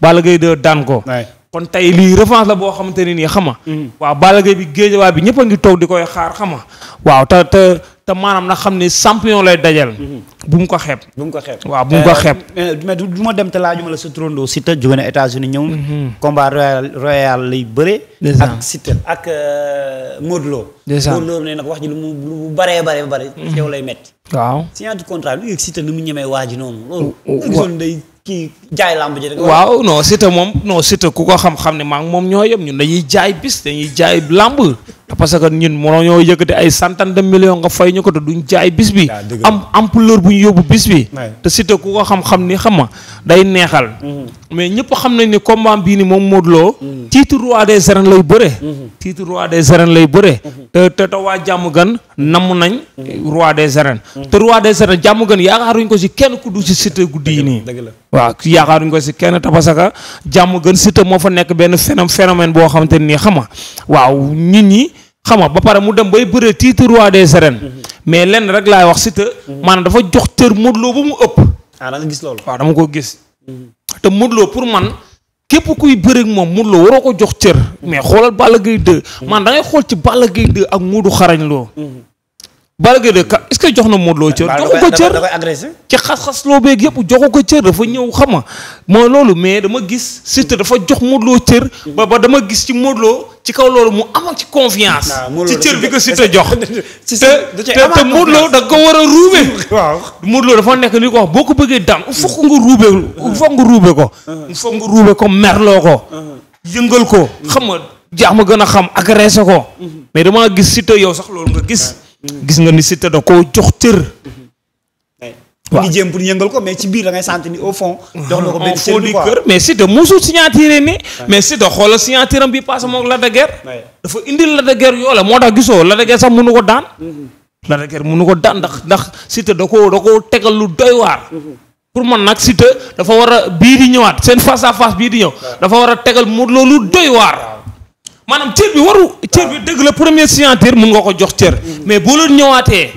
Balla Gaye 2 daan ko. kon tey lii revanche la boo xamante ne nii xam nga. Mm-hmm. waaw Balla Gaye bi géejawaay bi ñëpp a ngi toog di koy xaar xam waaw te te maanaam na xam ni champion lay dajal. Mhm. bu mu ko xeeb. bu mu ko xeeb waaw bu mu ko euh, xeeb. mais du ma dem te laajuma la sa turandoo Siteu jóge na États-Unis ñëw. Mhm. combat royal royal lay bëre. ak Siteu ak euh, Modou Lo. dèjà Modou Lo ne nag wax ji lu mu lu mu baree baree bare. Mhm. yow lay metti waaw signature contrat bi Siteu nu mu ñemee waa ji noonu. loolu oh, oh, gisoon day kii jaay lamb ji waaw non Siteu moom non Siteu ku ko xam-xam ne maa ngi moom ñoo yem ñun dañuy jaay bis dañuy jaay lamb. te parce que ñun mënoo ñoo yëkkati ay centaine de millions nga fay ñu ko te duñ jaay bis bi. am ampleur bu yóbbu bis bi. te Siteu ku ko xam-xam ni xam ma day neexal. Mm-hmm. mais ñëpp xam nañ ni combat bii ni moom Modou Lo. Mm-hmm. titre roi des arènes lay bëre. Mm-hmm. titre roi des arènes lay bëre. te te te waa jàmm gan namm nañ. roi des arènes. te roi des arènes jàmm gan yaakaaruñ ko si kenn ku du si Siteu guddi yi nii. waaw yaakaaruñ ko si kenn te parce que jàmm gën Siteu moo fa nekk benn phénomène boo xamante nii xam ma waaw nit xam nga ba pare mu dem bay bëree titre roi des arènes mais lenn rek laay wax si Siteu man dafa jox cër Modou Lo ba mu ëpp ah da nga gis loolu dama koo gis mm-hmm. te Modou Lo pour man képp kuy bëreeg moom Modou Lo waroo ko jox cër mais xoolal Balla Gaye 2 mm-hmm. man da ngay xool ci Balla Gaye 2 ak Modou xarañ Lo mm-hmm. Balla Gaye de jox na Modou Lo cër joxu ko cër ci xas-xas loo ko cër dafa ñëw xam nga mooy loolu mais dama gis surtout dafa jox Modou Lo cër ba ba dama gis ci Modou ci kaw loolu mu am ci ci cër bi ko Siteu jox [laughs] te te Modou Lo da nga ko war a ruube waaw Modou Lo dafa nekk ni ko wax boo ko bëggee daan foog nga ruube foog nga ruube ko foog nga ruube ko merloo ko yëngal ko xam nga jaax ma gën a xam agressé ko mhm. mais dama gis Siteu yow sax loolu nga gis gis nga ni Siteu da koo jox cër. waaw di jéem pour yëngal ko mais ci biir da ngay sant ni au fond. dox na ko benn cër bi quoi mais Siteu musul signature ni mais Siteu xoolal signature am bi passé moom Lac dafa indil Lac de Guiers moo tax gisoo Lac de Guiers sax mënu ko daan. Mm-hmm. Lac de Guiers mënu ko daan ndax ndax Siteu da ko da koo tegal lu doy waar. Mm-hmm. pour man nag Siteu dafa war a bii di ñëwaat seen face à face bii di ñëw. dafa war a tegal mu loolu doy waar. maanaam cër bi waru. cër bi ah. dëgg la premier signature mun nga ko jox cër. Mm-hmm. mais boo leen ñëwaatee.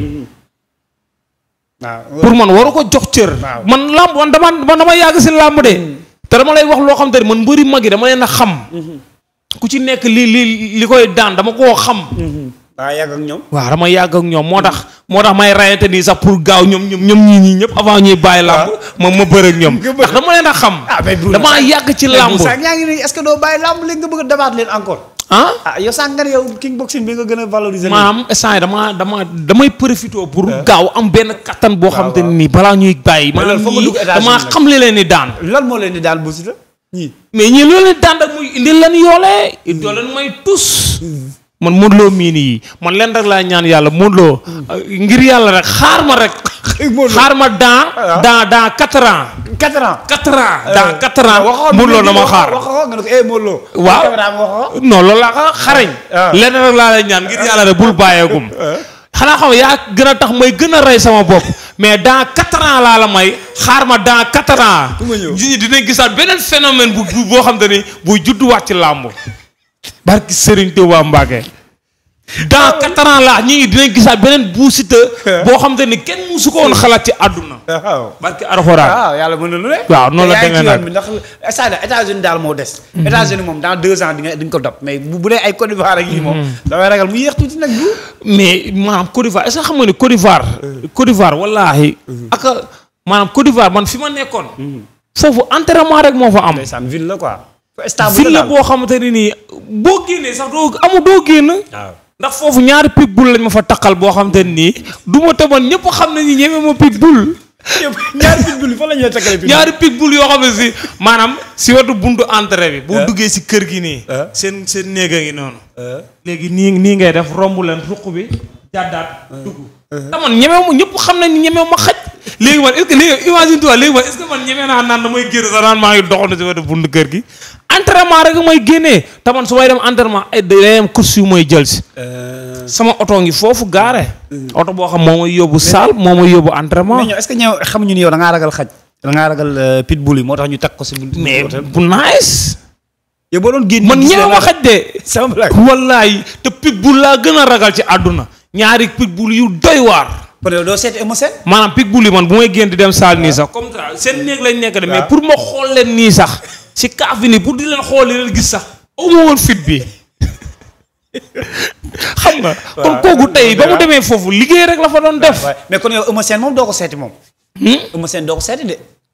Ah, pour man waru ko jox cër. Ah, man làmb man dama man dama yàgg si làmb de. Mm-hmm. te dama lay wax loo xam te ne man mbëri mag yi dama leen a xam. Mm-hmm. ku ci nekk li li li koy daan dama koo xam. daa yàgg ak ñoom. waaw yàgg ak moo tax moo tax may rayante nii sax pour gaaw ñoom ñoom ñoom ñii ñii ñëpp avant ñuy bàyyi làmb. ma ma [laughs] leen a xam. ah damaa nga bëgg a leen encore. ah yow sànq nga yow king boxing bi nga gën a valoriser. maanaam instant dama dama damay profité pour. Eh. gaaw am benn kattan boo. xam te ne nii balaa ñuy bàyyi. mais loolu dama xam li leen di daan. lan moo leen di daan Bou Siteu ñii. mais ñii loolu leen daan ak muy indi leen yoolee. doo leen may tus. man Modou Lo mii nii man leen rek laa ñaan yàlla Modou Lo. Hmm. ngir yàlla rek xaar ma rek. [laughs] xaar ma dans ah. dans dans quatre ans. quatre ans. quatre ans euh, dans quatre ans. mënuloo na ma xaar eh, waaw non loolu laa ko xarañ. Ah. Ah. laa lay ñaan ngir ah. yàlla rek bul bàyyeegum. xanaa xam yaa gën a tax may gën a rey sama bopp mais dans quatre ans laa la may xaar ma dans quatre ans. nit ñi dinañ gisaat beneen phénomène bu boo xam te ni buy judduwaat ci làmb. barki Serigne Touba Mbacke. dans quatre ans là ñi ngi dinañ gisaat beneen Bou Siteu [laughs] boo xam te ni kenn su ko woon xalaat ci àdduna. [laughs] waaw barki Alxuraan. waaw yàlla na lu waaw noonu la demee nag ndax États-Unis daal moo des. Mhm. États-Unis moom dans deux ans di nga di nga ko dab mais bu dee ay Côte d'Ivoire ak moom. Mhm. damay ragal mu yéex tuuti nag bu. mais maanaam Côte d'Ivoire est-ce xam nga ni Côte d'Ivoire. Euh. Côte d'Ivoire wallaahi. Mhm. ak maanaam Côte d'Ivoire man fi ma nekkoon. foofu entraînement rek moo fa am. ndeysaan ville la quoi. stade ville la boo xamante ne nii boo génnee sax doo amul doo génn. waaw. ndax foofu ñaari pitbull lañ ma fa taqal boo xam te nii du ma tëban ñëpp xam nañu ñeme ma pitbull. ñaari pitbull fa la ñuy takkale pitbull ñaari pitbull yoo xam ne si maanaam si wetu buntu entrée bi. boo eh? duggee si kër gi nii. Eh? seen seen néeg a ngi noonu. Eh? léegi nii nii ngay def romb leen ruq bi jàddaat dugg. te man ñeme ma ñëpp xam nañ ñeme ma xaj. léegi man est léegi man est man ñeme naa naan damay génn sax naan maa ngi doxandu si wetu buntu kër gi entraînement rek may génnee taman su may dem entraînement ay yu may jël si. Euh. ngi foofu gaare. Mm. oto boo xam moo may yóbbu salle moo may yóbbu entraînement. mais ñoom est-ce que ñoom xamuñu ni yow da ngaa ragal xaj. da ngaa ragal euh, moo tax ñu takk ko si. mais bu nice. yow boo man ñaaw ma xaj de. sama [laughs] blague wallaay te pitbull laa gën a ragal ci àdduna ñaari pitbull yu doy waar. kon yow doo seet émotion. maanaam yi man bu may génn di dem saal nii ah. sax. comme ça lañ nekk mais ah. pour ma xool leen nii sax. ci kaaf bi ni bu di leen xoolee leen gis sax amoo woon fit bi xam nga. kon kooku tey ba mu demee foofu liggéey rek la fa doon def. mais kon yow Eumeu Sène moom ko seeti moom. Hmm? Eumeu Sène doo ko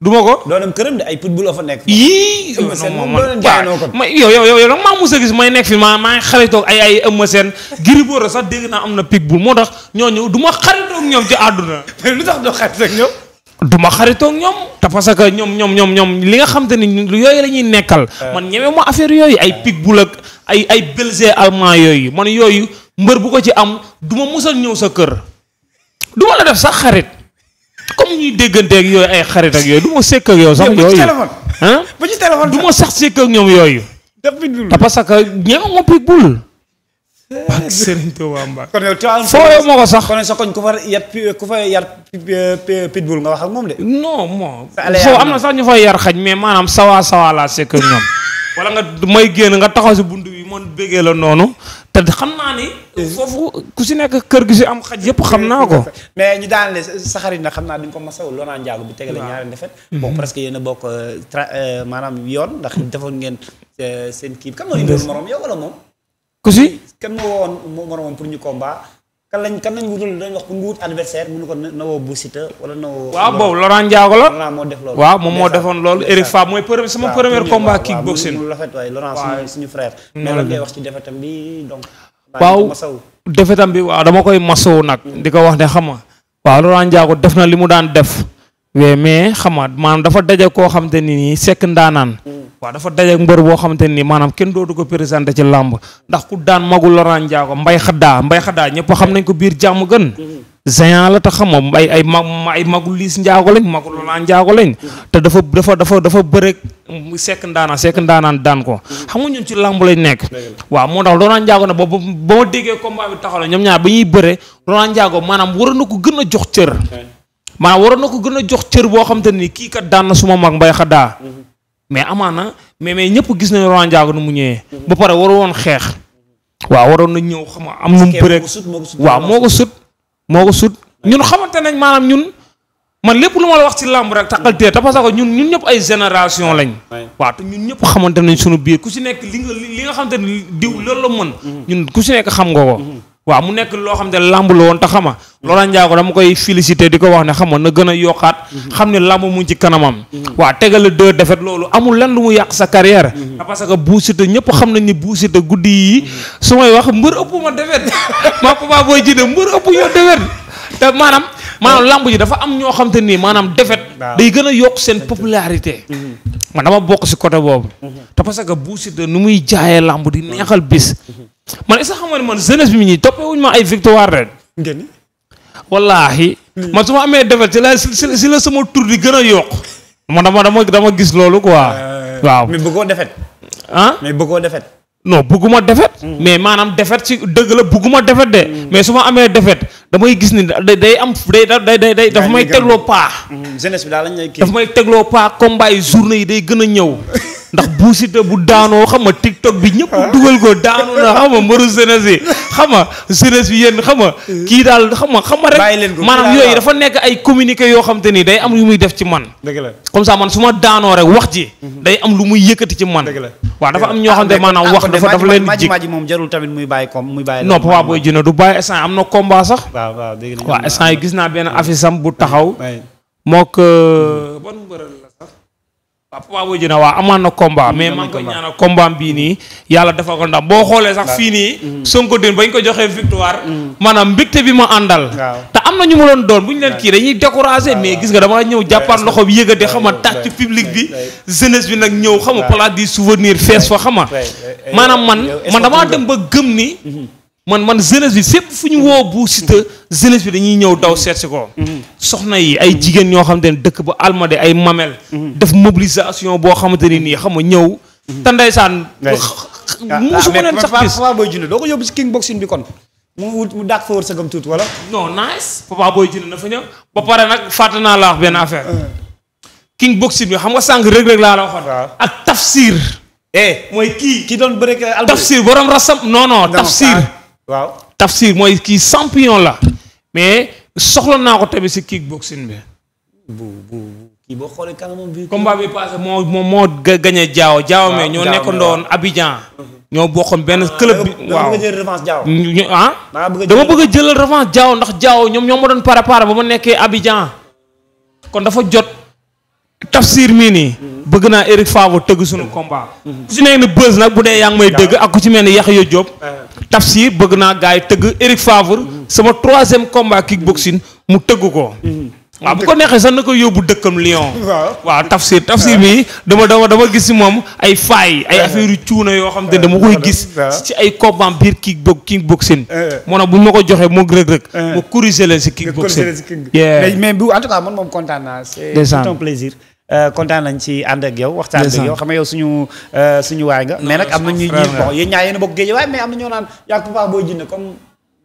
du ma ko. doo dem këram de ay pitbull la fa nekk. yii Eumeu Sène moom doo leen jaanoo yow yow yow nag maa mus a gis may nekk fi maa maa ngi xaritoog ay ay Eumeu Sène Gris Bordeaux sax dégg naa am na pitbull moo tax ñooñu du ma xaritoog ñoom ci àdduna. [laughs] mais lu tax doo xaritoog ñoom. du ma xaritoog ñoom te que ñoom ñoom ñoom ñoom li nga xam te ni yooyu la nekkal euh. man ñeme ma affaire yooyu ay pitbull ak ay ay belge allemand yooyu man yooyu mbër bu ko ci am du ma musal ñëw sa kër du la def sax xarit comme ñuy déggante dégganteeg yooyu ay xarit ak yooyu du ma sekk ak yow sax yooyu ah du ma sax sekk ak ñoom yooyu te parce que ñeme ma pitbull ak Serigne Touba Mbacke. kon yow Tivaouane ko sax. kon sa koñ ku fa yar pitbull nga wax ak moom de. non moom. foo am na sax ñu fay yar xaj mais maanaam sawa sawa laa sekk ñoom. wala nga may génn nga taxaw si bunt bi man bëggee la noonu. te xam naa ni. foofu ku si nekk kër gi si am xaj yëpp xam naa ko. mais ñu daan ne sa xarit nag xam naa duñ ko ma masawu Lona Ndiago bu tegale ñaari defet. Mhm. bon presque yéen a bokk euh, tra euh, maanaam yoon ndax defoon ngeen euh, seen kii bi. kan moo indi morom ku si kan moo woon moo moromoon pour ñu combat kan lañ kan lañ wax pour nga wut adversaire mu ne ko na woo Bou Siteu wala na woo. waaw boobu Laurent Ndiago la Laurent moo def loolu. waaw moom moo defoon loolu Eric Fa mooy premier sama premier combat kickboxing. waaw mu rafet waaye Laurent suñu suñu frère. mais lan ngay wax ci defetam bi donc. waaw defetam bi waaw dama koy masow nag. di ko wax ne xam nga. waaw Laurent Ndiago def na li mu daan def. we mais xama maanaam dafa daje koo xamante ni nii sekk ndaanaan waaw dafa daje mbër boo xamante ni maanaam kenn dootu ko présenté ci làmb ndax ku daan magul Laurent Ndiago mbay xaddaa mbay xaddaa ñëpp xam nañ ko biir jàmm gën géant la te xam nga ay ay mag ay magul liis njaago lañ magul Laurent Ndiago lañ te dafa dafa dafa dafa bëreeg sekk ndaanaan sekk ndaanaan daan ko xam nga ñun ci làmb lañ nekk waaw moo tax Laurent Ndiago nag ba ba ma déggee combat bi taxaw la ñoom ñaar ba ñuy bëre Laurent Ndiago maanaam waroon na ko gën a jox cër maanaam waroon na ko gën a jox cër boo xam te nii kii kat daan na suma mag mbay xadaa mais amaana mais mais ñëpp gis nañu Laurent Ndiago nu mu ñëwee. ba pare waru woon xeex. waaw waroon na ñëw xam am nu mu bëreeg waaw moo ko sut moo ko sut ñun xamante nañ maanaam ñun. man lépp lu ma la wax ci làmb rek taxal tee te parce que ñun ñun ñëpp ay génération lañ. waaw te ñun ñëpp xamante nañ sunu biir ku si nekk li nga li nga xamante ne diw loolu la mën. Mm-hmm. ku si nekk xam nga ko. Mm-hmm. waaw mu nekk loo xam ne làmb la woon te xama Laurent Ndiago dama koy félicité di ko wax ne xamoon na gën a yokkaat xam ne làmb mu ci kanamam waa tegal la deux loolu amul lenn lu mu yàq sa carrière mm-hmm. parce que Bou Siteu ñëpp xam nañ ni Bou Siteu guddi yi mm-hmm. su may wax mbër ëpp ma défaite [laughs] maa Papa Boy Djiné mbër ëpp ñoo défaite maanaam maanaam lamb ji dafa am ñoo xam te maanaam défaite day gën a yokk seen popularité mm-hmm. man dama bokk si côté boobu te parce que Bou Siteu nu muy jaayee lamb di neexal bis man est-ce que xam nga ne man jeunesse bi mi ñuy toppee ma ay victoire ren wallaahi. Hmm. man su ma amee defet si la si la sama tur di gën a yokk ma dama dama dama gis loolu quoi. Euh, waaw mais bëggoo defet. ah mais bëggoo defet. non bëgguma defet. Hmm. mais maanaam defet ci dëgg la bëgguma defet de. Hmm. mais su ma amee defet damay gis ni day am day day day dafa may tegloo paa. jeunesse bi daal lañ lay kii dafa may tegloo paa combat yi journée yi day gën a ñëw. [laughs] ndax Bou Siteu bu daanoo xam nga TikTok bi ñëpp ah. dugal ko daanu na xam nga mbaru jeunesse yi xam nga bi yéen xam nga kii daal xam nga xam nga rek maanaam yooyu dafa nekk ay communiqué yoo xam te ni day am lu muy def ci man comme sax man su ma daanoo rek wax ji mhm. day am lu muy yëkkati ci man waa dafa am ñoo ah, xam ne maanaam ah, wax dafa dafa leen jig maaji moom jarul tamit muy bàyyi comme muy bàyyi non papa booy jëne du bàyyi instant am na combat sax waaw instant yi gis naa benn affiche am bu taxaw mook euh, mm. ban waaw Papa Boy Djiné waaw amaan na combat mais man ko ñaanal combat bii nii yàlla dafa ko ndam boo xoolee sax fii nii mm. Sonko din bañ ko joxee victoire mm. maanaam mbégte bi ma àndal te am na ñu ma doon doon bu ñu leen kii dañuy découragé mais gis nga damaa ñëw jàppaat loxo bi yëgate xam nga tàcc public bi jeunesse bi nag ñëw xam nga place du souvenir fees fa xam nga eh, eh, maanaam man eh, man damaa dem ba gëm ni man man jeunesse bi fépp fu ñu woo Bou Siteu jeunesse bi dañuy ñëw daw seet si ko mm-hmm. soxna yi ay jigéen ñoo xam xamante ne dëkk ba almade ay mamel mm-hmm. def mobilisation boo xamante ne nii xam nga ñëw mm-hmm. te ndeysaan ah, ah, musu ma leen sax gis papa booy junne doo ko yóbbu si king boxing bi kon mu daak fa wër sa gëm tuuti wala non nice papa booy junne na fa ñëw ba pare nag fàtte naa la wax benn affaire mm. king boxing bi xam nga sànq Reug Reug laa la waxoon ak tafsir eh mooy kii ki doon bëre tafsir borom rasam non waaw tafsir mooy kii champion la mais soxla naa ko tamit si kickboxing bi. bu bu boo xoolee kanamam bi. combat bi passé moo moo moo gagné jaaw jaaw mais ñoo nekk ndoon Abidjan. Uh-huh. ñoo bokkoon benn ah, club bi waaw ñu ah. dama bëgg a jëlal revanche Diaw ndax Diaw ñoom ñoo ma doon préparé ba ma nekkee Abidjan. kon dafa jot tafsir mii nii. Hmm. bëgg naa Eric Favo tëgg sunu combat. ku ci nekk ni buzz nag bu dee yaa ngi may dëgg ak ku ci mel ni Yaxya Diop. Tafsir bëgg naa gars yi tëgg Eric Favo sama troisième combat kickboxing mu tëgg ko. waaw bu ko neexee sax na ko yóbbu dëkkam Lyon. waaw Tafsir Tafsir bi dama dama dama gis si moom ay faay ay eh. affaire yu cuuna yoo xam te dama koy eh. gis. Eh. ci ay combat biir kickbox kickboxing. moo tax bu ma ko joxee moog Reug Reug. mu corriger leen si kickboxing. mais mais bu man moom kontaan naa. c'est Euh, kontaan nañ ci ànd ak yow waxtaan si yow xam nga yow suñu euh, suñu waay nga mais nag am na ñuy ñii bon yéen ñaar yéen a mais am na ñoo naan yaa Papa Boy Djiné comme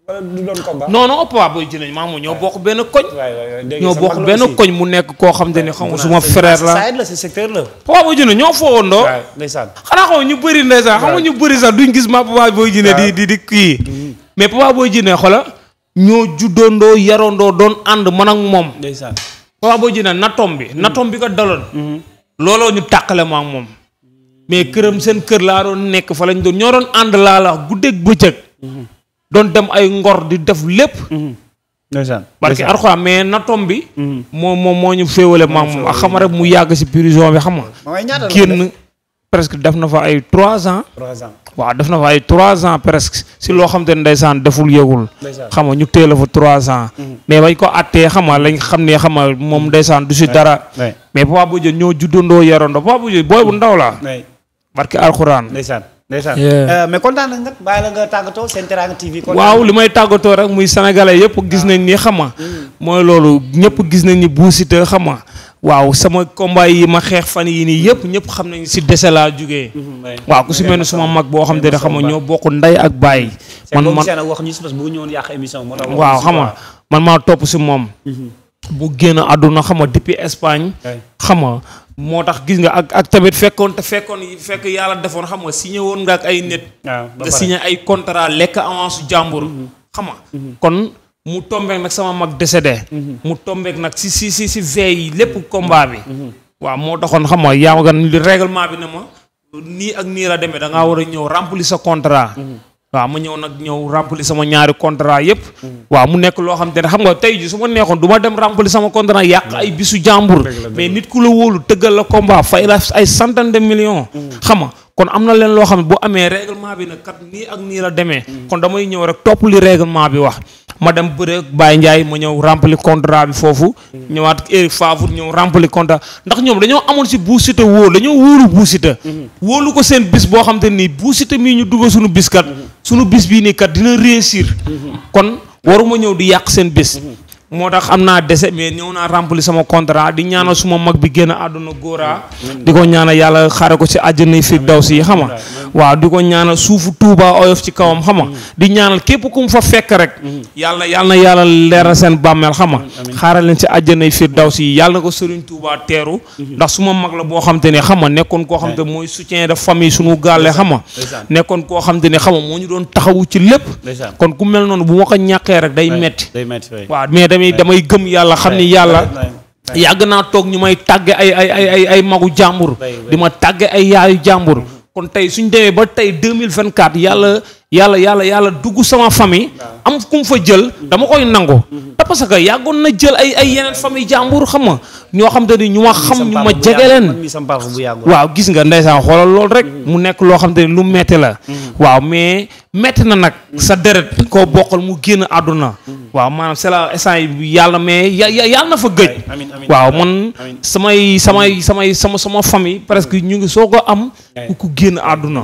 wala du doon combat non non Papa Boy Djiné maa ñoo bokk benn koñ mu nekk koo xam te ne xam nga suma frère la side la si secteur la Papa Boy Djiné ñoo fowandoo ndeysaan xanaa xam ñu bëri ndeysaan xam nga ñu bëri sax duñ gis ma Papa booy Djiné di di di kii mm-hmm. mais Papa Boy Djiné xola ñoo juddoondoo yarondoo doon ànd man ak moom ndeysaan Papa Boy Djiné nattoom bi hmm. nattoom bi ko daloon hmm. looloo ñu tàqale ma moom mais këram seen kër laa doon nekk fa lañ doon ñoo doon ànd laa la guddeeg bëccëg hmm. doon dem ay ngor di def lépp ndeysaan parce que arxuraan mais natom bi moom moom moo ñu féewale ma moom ak xam rek mu yàgg si prison bi xam génn presque def na fa ay trois ans. trois waaw def na fa ay trois ans presque si loo xam te ne ndeysaan deful yëgul. xam nga ñu teel a fa trois ans. Mhm. mais bañ ko attee xam nga lañ xam ne xam nga moom ndeysaan du si dara. mais Papa Boy Diop ñoo juddandoo yarandoo Papa Boy Diop booy bu ndaw la barke alxuraan. ndeysaan ndeysaan euh, mais kontaan nañ nag bàyyi la nga tàggatoo seen Teranga waaw li may tàggatoo rek muy sénégalais yëpp gis ah. nañ nii xam nga mm. mooy loolu ñëpp gis nañ ni buusite xam nga waaw sama combat yi ma xeex fan yi nii yëpp ñëpp xam nañ si dese laa jugee. Mhm, waaw ku si mel ni suma mag boo xam te ne xam nga ñoo bokk ndey ak baay. man man wax ñu si parce que ñëwoon yàq émission waaw xam nga man maa topp si moom. Mhm. bu génn àdduna xam nga depuis Espagne. xam nga moo tax gis nga ak ak tamit fekkoon te fekkoon fekk yàlla defoon xam nga signé woon nga ak ay net nga signé ay contrat lekk avance jàmbur. Mhm. xam kon. mu tombeek nag sama mag décédé. Mhm. mu tombeek nag si si si si veille lépp combat bi. Mhm. waaw moo taxoon xam nga yaa ma gan réglement bi ne ma. nii ak nii la demee da ngaa war a ñëw remplir sa contrat. Mhm. waaw ma ñëw nag ñëw remplir sama ñaari contrat yëpp. waaw mu nekk loo xam te ne xam nga tey ji su ma neexoon du ma dem remplir sama contrat yàq ay bisu jàmbur. mais nit ku la wóolu tëggal la combat fay la ay centaine de millions. xam nga kon am na leen loo xam ne bu amee règlement bi nag kat nii ak nii la demee. kon damay ñëw rek topp li règlement bi wax. ma dem bëre baay Baye Ndiaye ma ñëw rempli contrat bi foofu. ñëwaat Eric Favre ñëw rempli contrat ndax ñoom dañoo amoon si Bou Siteu wóor dañoo wóolu Bou Siteu. Mhm. wóolu ko seen bis boo xam te nii Bou Siteu mii ñu dugg suñu bis kat. Mhm. suñu bis bii nii kat dina réussir. Mhm. kon waruma ñëw di yàq seen bis. moo tax am naa dese mais ñëw naa rempli sama contrat di ñaana suma mag bi génn àdduna góoraa di ko ñaanal yàlla xaare ko si ci àjjana firdawsi xam xama waaw di ko ñaanal suufu Touba oyof ci kawam xam mm-hmm. di ñaanal képp kum mu fa fekk rek mm-hmm. yàlla yàlla na yàlla leeral seen bàmmeel xam nga si leen ci àjjanay Firdawsi yi yàlla na ko Serigne Touba teeru mm-hmm. ndax su ma mag la boo xam te ne xam nekkoon koo xam te mooy soutien de famille suñu gàlle xam nga nekkoon koo xam te xam moo ñu doon taxawu ci lépp kon ku mel noonu bu ma ko ñàkkee rek day metti waa mais damay damay gëm yàlla xam ni yàlla yàgg naa toog ñu may tàgge ay ay ay ay magu jàmbur di ma tàgge ay yaayu jàmbur kon tey suñ demee ba tey deux mille vingt quatre yàlla yàlla yàlla yàlla dugg sama famille. am ku mu fa jël dama koy nangu. Mm-hmm. te parce que yàggoon na jël ay ay yeneen famille jàmbur xam nga ñoo xam te ni ñu ma xam ñu ma jege leen. waaw gis nga ndeysaan xoolal lool rek. Mm-hmm. mu nekk loo xam te ni lu metti la. Mm-hmm. waaw mais. metti na nag sa deret koo bokkal mu génn àdduna waaw maanaam c'est instant yi yàlla mais yàlla na fa gëj waaw man samay samay samay sama sama famille presque ñu ngi soo ko am eh. ku génn àdduna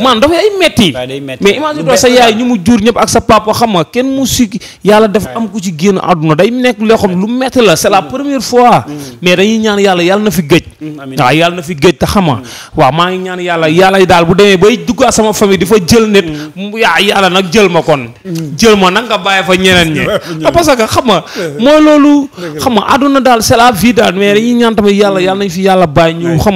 man dafa ay metti mais imagine doo sa yaay ñu mu jur ñëpp ak sa papa xam nga kenn mu si yàlla def am ku ci génn àdduna day nekk loo xam lu metti la c'est la mm. première fois mm. mais na fi géej mm, te xam nga waaw maa ngi ñaan yàlla yàlla daal bu demee bay duggaa sama famille di fa jël nit yaa yàlla nag jël ma kon jël ma nag nga bàyyi fa ñeneen ñi [laughs] ah, parce que xam nga mooy loolu xam nga àdduna daal c'est la vie daal mais dañuy ñaan tamit yàlla yàlla nañ fi yàlla bàyyi ñu xam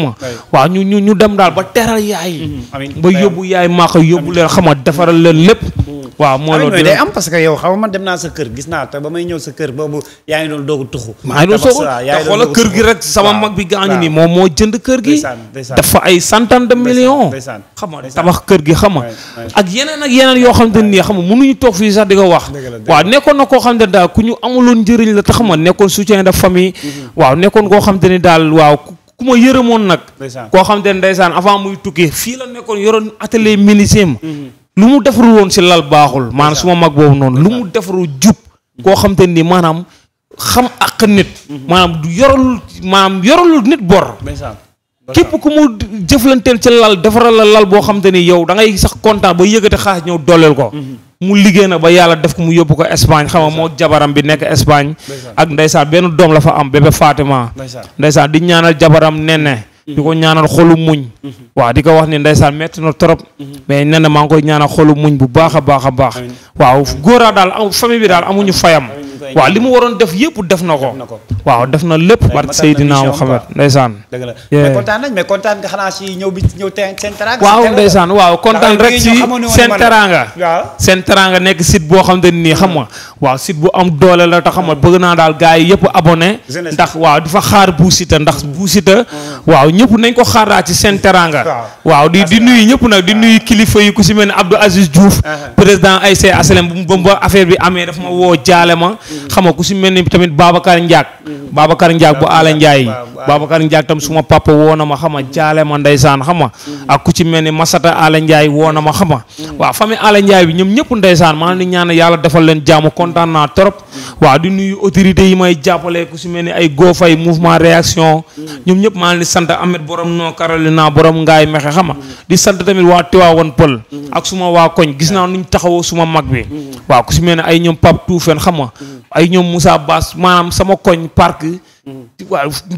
nga ñu ñu dem daal ba teral yaay mm-hmm. yóbbu yaay maaka yóbbu leen xama defaral leen lépp waaw moo loolu day am parce que yow xaw ma dem naa sa kër gis naa te ba may ñëw sa kër a dafa ay centaine de millions tabax kër gi xam ak yeneen ak yeneen yoo xam te nii xam mënuñu toog fii sax di wax waaw nekkoon na koo xam ne daal ku ñu amuloon njëriñ la te xam nga nekkoon soutien de famille mm-hmm. waaw nekkoon koo xam te daal waaw ku ma yërëmoon nag. koo xam te ne ndeysaan avant muy tukki fii la nekkoon yoroon atelier menuisier ma mhm. lu mu defaru woon si lal baaxul. maanaam su ma mag boobu noonu lu mu defaru jub. koo xam nii maanaam xam ak nit. Mhm. maanaam du yoralul maanaam yoralul nit bor. képp ku mu jëflanteel ci lal defara la lal boo xam te yow da ngay sax kontaan ba yëgate xaas ñëw dooleel ko. Mhm. mu liggéey na ba yàlla def ko mu yóbbu ko Espagne xam moo jabaram bi nekk Espagne ak ndeysaan benn doom la fa am bébé Fatima ndeysaan di ñaanal jabaram nenne di ko ñaanal xolu muñ mm-hmm. waaw di ko wax ni ndeysaan metti na trop mm-hmm. mais nenne maa ngi koy ñaanal xolu muñ bu baax a baax a baax waaw góoraa daal famille bi daal amuñu fayam waaw li mu waroon def yëpp def na ko. waaw def na lépp. barke Seydina Muhammad ndeysaan. dëgg la mais kontaan nañ mais kontaan nga xanaa si ñëw bi ñëw seen teraanga. waaw ndeysaan waaw kontaan rek si seen teraanga. waaw seen teraanga nekk site boo xam te nii xam nga mm. waaw site bu am doole la te xam nga mm. bëgg naa daal gars yi yëpp ndax waaw di xaar Bou Siteu ndax mm. Bou Siteu. waaw ñëpp nañ ko xaaraa ci seen teraanga. waaw di di nuyu ñëpp nag di nuyu kilifa yi ku si mel ne Abdou Aziz Diouf uh-huh. président ASC HLM ba affaire bi amee daf ma woo jaale ma xam nga ku si mel ni tamit Babacar Ndiak Babacar Ndiak bu Aala Ndiaye Babacar Ndiak tam suma papa woo na ma xam nga jaale ma ndeysaan xam nga ak ku ci mel ni Masata Aala Ndiaye woo na ma xam nga waaw famille Aala Ndiaye bi ñoom ñëpp ndeysaan maa ngi ñaan yàlla defal leen jaamu kontaan naa waaw di nuyu autorité yi may jàppale ku si mel ni ay Gofay mouvement réaction. ñoom ñëpp maa di sant Ahmed borom noo Carolina borom ngaay mexe xama di sant tamit waa Tiwaawan Pël. ak suma waa koñ gis naa nuñ taxawoo suma mag bi. waaw ku si mel ne ay ñoom Pape Toufen xam nga ay ñoom Moussa Bass maanaam sama koñ parc.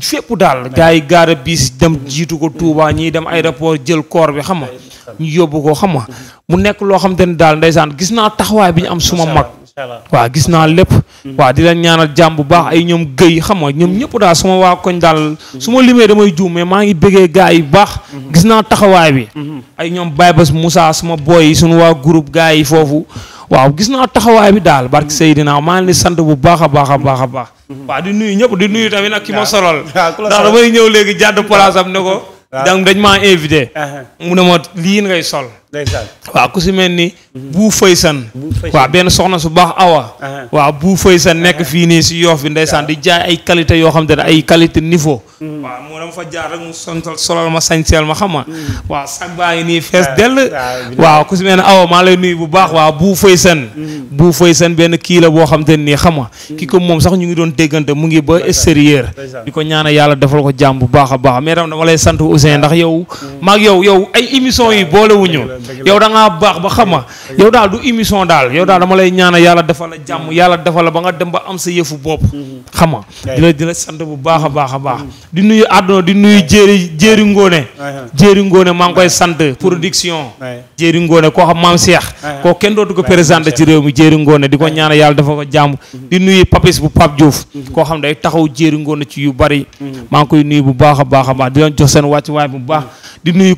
fépp daal gars yi gaara biis dem jiitu ko Touba ñiy dem aéroport jël corps bi xam nga ñu yóbbu ko xam nga mu nekk loo xam te ne daal ndeysaan gis naa taxawaay bi ñu am suma mag waa gis naa lépp waaw di leen ñaanal jàmm bu baax ay ñoom gëy xam nga ñoom ñëpp daal suma waa koñ daal suma ma limee damay juum mais maa ngi bëggee gaa yi bu baax gis naa taxawaay bi ay ñoom Baye Bass Moussa suma booy yi suñu waa group gars yi foofu waaw gis naa taxawaay bi daal barki Seydina maa ngi leen sant bu baax a baax a baax a baax waaw di nuyu ñëpp di nuyu tamit nag ki ma solol [laughs] ndax damay ñëw léegi jàdd place am ne ko dang dañ maa invité mu ne ma lii ngay sol waaw ku si mel ni. buu faysan waaw benn soxna su baax awa. waaw buu faysan nekk fii nii si yoof bi ndeysaan di jaay ay qualité yoo xam te ne ay qualité niveau. Mm. waaw moo dama fa jaar ma sañseel ma xam ma. Mm. waaw sax baa ngi nii fees dell. waaw ku si mel ni awa maa lay nuyu bu baax waaw buu faysan mm. buu faysan benn kii la boo xam te ne nii xam ma ki ko moom sax ñu ngi doon déggante mu ngi ba extérieur. di ko ñaanal yàlla defal ko jàmm bu baax a baax mais dama lay sant Ousseyn ndax yow. maag yow yow ay émission yi boolewuñu yow da ngaa baax ba xam ma yow daal du émission daal yow daal dama lay ñaanal yàlla defal la jàmm mm-hmm. yàlla defal ba nga dem ba am sa yëfu bopp mm-hmm. xam ma di la di la sant baax a baax a baax mm-hmm. di nuyu àdduna di nuyu jéeri jéeri ngóone jéeri ngoone maa ngi koy sant production jéeri ngóone koo xam maam Seex koo kenn dootu ko présenté ci réew mi jéeri ngóone di ko ñaanal yàlla defal ko jàmm di nuyu papis bu Pape Diouf koo xam day taxaw jéeri ngóone ci yu bari maa ngi koy nuyu bu baax a baax a baax di leen jox seen wàcc waay bu baax di nuyu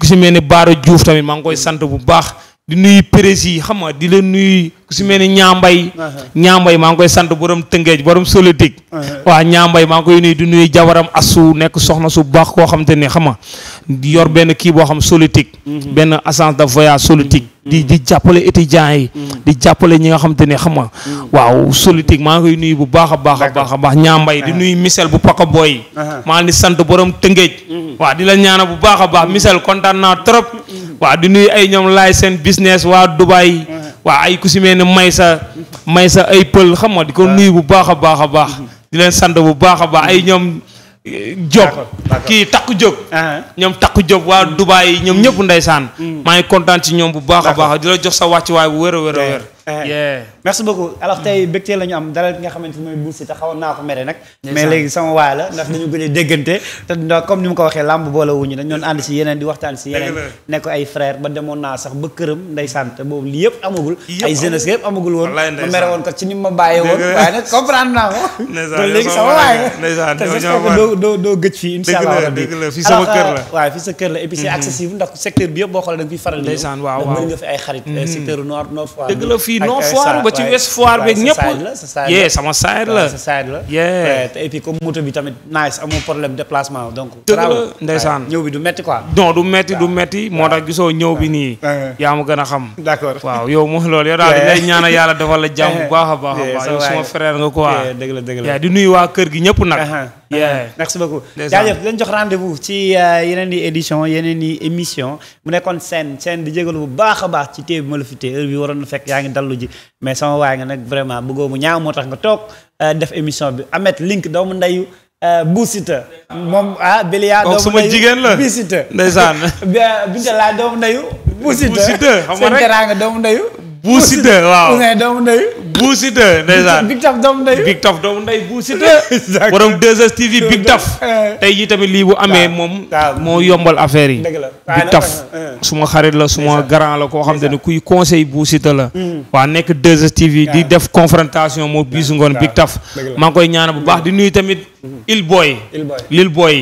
bu baax di nuyu prési yi xam nga di leen nuyu ku si mel ni ñaambay ñaambay uh-huh. maa ngi koy sant borom tëngeej borom solitique uh-huh. waaw ñaambay maa ngi koy nuyu di nuyu jabaram asu nekk soxna su baax koo xam te ne xam nga yor benn kii boo xam solitique uh-huh. benn agence de voyage solitique di di jàppale étudiants yi di jàppale ñi nga xam te ne xam nga waaw solitique maa ngi koy nuy bu baax a baax a baax a baax ñaambay di nuyu misel bu paka booy maa ngi sant borom tëngeej waaw di la ñaana bu baax a baax misel kontaan naa trop waaw di nuy ay ñoom laay seen business waa Dubaay uh-huh. waa ay ku si may sa may sa ay pël xam nga di ko uh-huh. nuyu bu baax a baax a baax uh-huh. di leen sant bu baax a baax ay ñoom eh, Diop kii takku Diop ñoom takku Diop waa Dubaay ñoom ñëpp ndeysaan maa ngi kontaan ci ñoom bu baax a baax di la jox sa wàccuwaay bu wër a wér a wér Eh, yeah merci beaucoup alors tey bégtee la ñu am dalal ki nga xamante ni mooy Bou Siteu xawoon naa ko mere nag mais léegi sama waay la ndax dañu gëj a déggante te ndax comme ni mu ko waxee làmb boole wuñu dañ doon ànd si yeneen di waxtaan si yeneen nekk ay frère ba demoon naa sax ba këram nday sant boobu li yëpp amagul ay jeunesse yëpp amagul woon ma mere woon ko ci ni ma bàyyee woon waaye nag comprendre naa ko [laughs] léegi sama waay la te j'espère que doo doo doo gëj fii incha euh, sa kër la et puis non foire ba ci west foire beeg ñëpp yee sama saayir la sa saayir la yee et puis comme moto bi tamit nice amoo problème déplacement donc dëgg ndeysaan ñëw bi du metti quoi non du metti du metti moo tax gisoo ñëw bi nii yaa ma a xam d'accord waaw yow moo loolu yow daal di la [laughs] jàmm baax a baax a baax yow suma frère nga quoi dëgg la dëgg waa kër gi ñëpp nag uh-huh. Uh-huh. merci jox rendez-vous ci uh, yeneen i édition yeneen i émission mu nekkoon seen seen di jégalu bu baax a baax ci téew ma la fi tee bi waroon na fekk yaa ngi dallu ji mais sama waay nga nag vraiment bëggoo mu ñaaw moo tax nga toog euh, def émission bi Ameth Link doomu ndeyu euh, Bou Siteu moom ah doomu ndeyu sama jigéen la Bou Siteu ndeysaan [laughs] euh, Binta laa doomu ndeyu Bou Siteu seen teraanga doomu ndeyu Bou Siteu waaw Ouzin doomu ndey. Bou Siteu ndeysaan Big Taf Big Taf eh. tey jii tamit lii bu amee moom. moo yombal affaire yi. Big Taf eh. suma xarit la suma grand la koo xam te ne kuy conseil Bou Siteu la. Hmm. waa nekk 2STV di def confrontation moo biisu ngoon Big Taf. maa ngi koy ñaana bu baax di nuy tamit. Mhm. il boy lil boy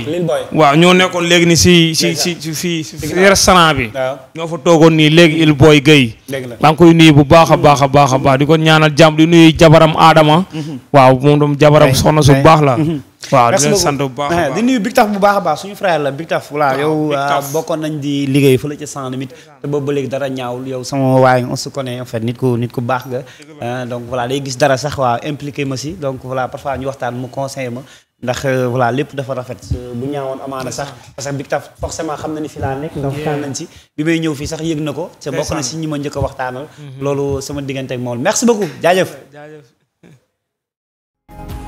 waaw ñoo nekkoon léegi ni si si si si fii si restaurant bi ñoo fa toogoon nii léegi il boy gay maa ngi koy nuyu bu baax a mhm. baax a baax a baax di ko ñaanal jàmm di nuyu jabaram aadama mhm. waaw moom doom jabaram soxna su baax la waaw di leen sant bu eh, baax di nuyu Big Taf bu baax a baax suñu frère la Big Taf voilà yow euh, bokkoon nañ di liggéey fële ca sans limite te boobu ba léegi dara ñaawul yow sama waaye on se connaît en fait nit ku nit ku baax nga euh, donc voilà day gis dara sax waaw impliqué ma si donc voilà parfois ñu waxtaan mu conseillé ma ndax euh, voilà lépp dafa rafet euh, bu ñaawoon amaana sax parce que Big Taf forcément xam na ni fi laa nekk donc waxtaan nañ si bi may ñëw fii sax yëg na ko te bokk na si ñi ma njëkk a waxtaanal mhm. loolu sama diggante ak moom merci beaucoup jaajëf [laughs]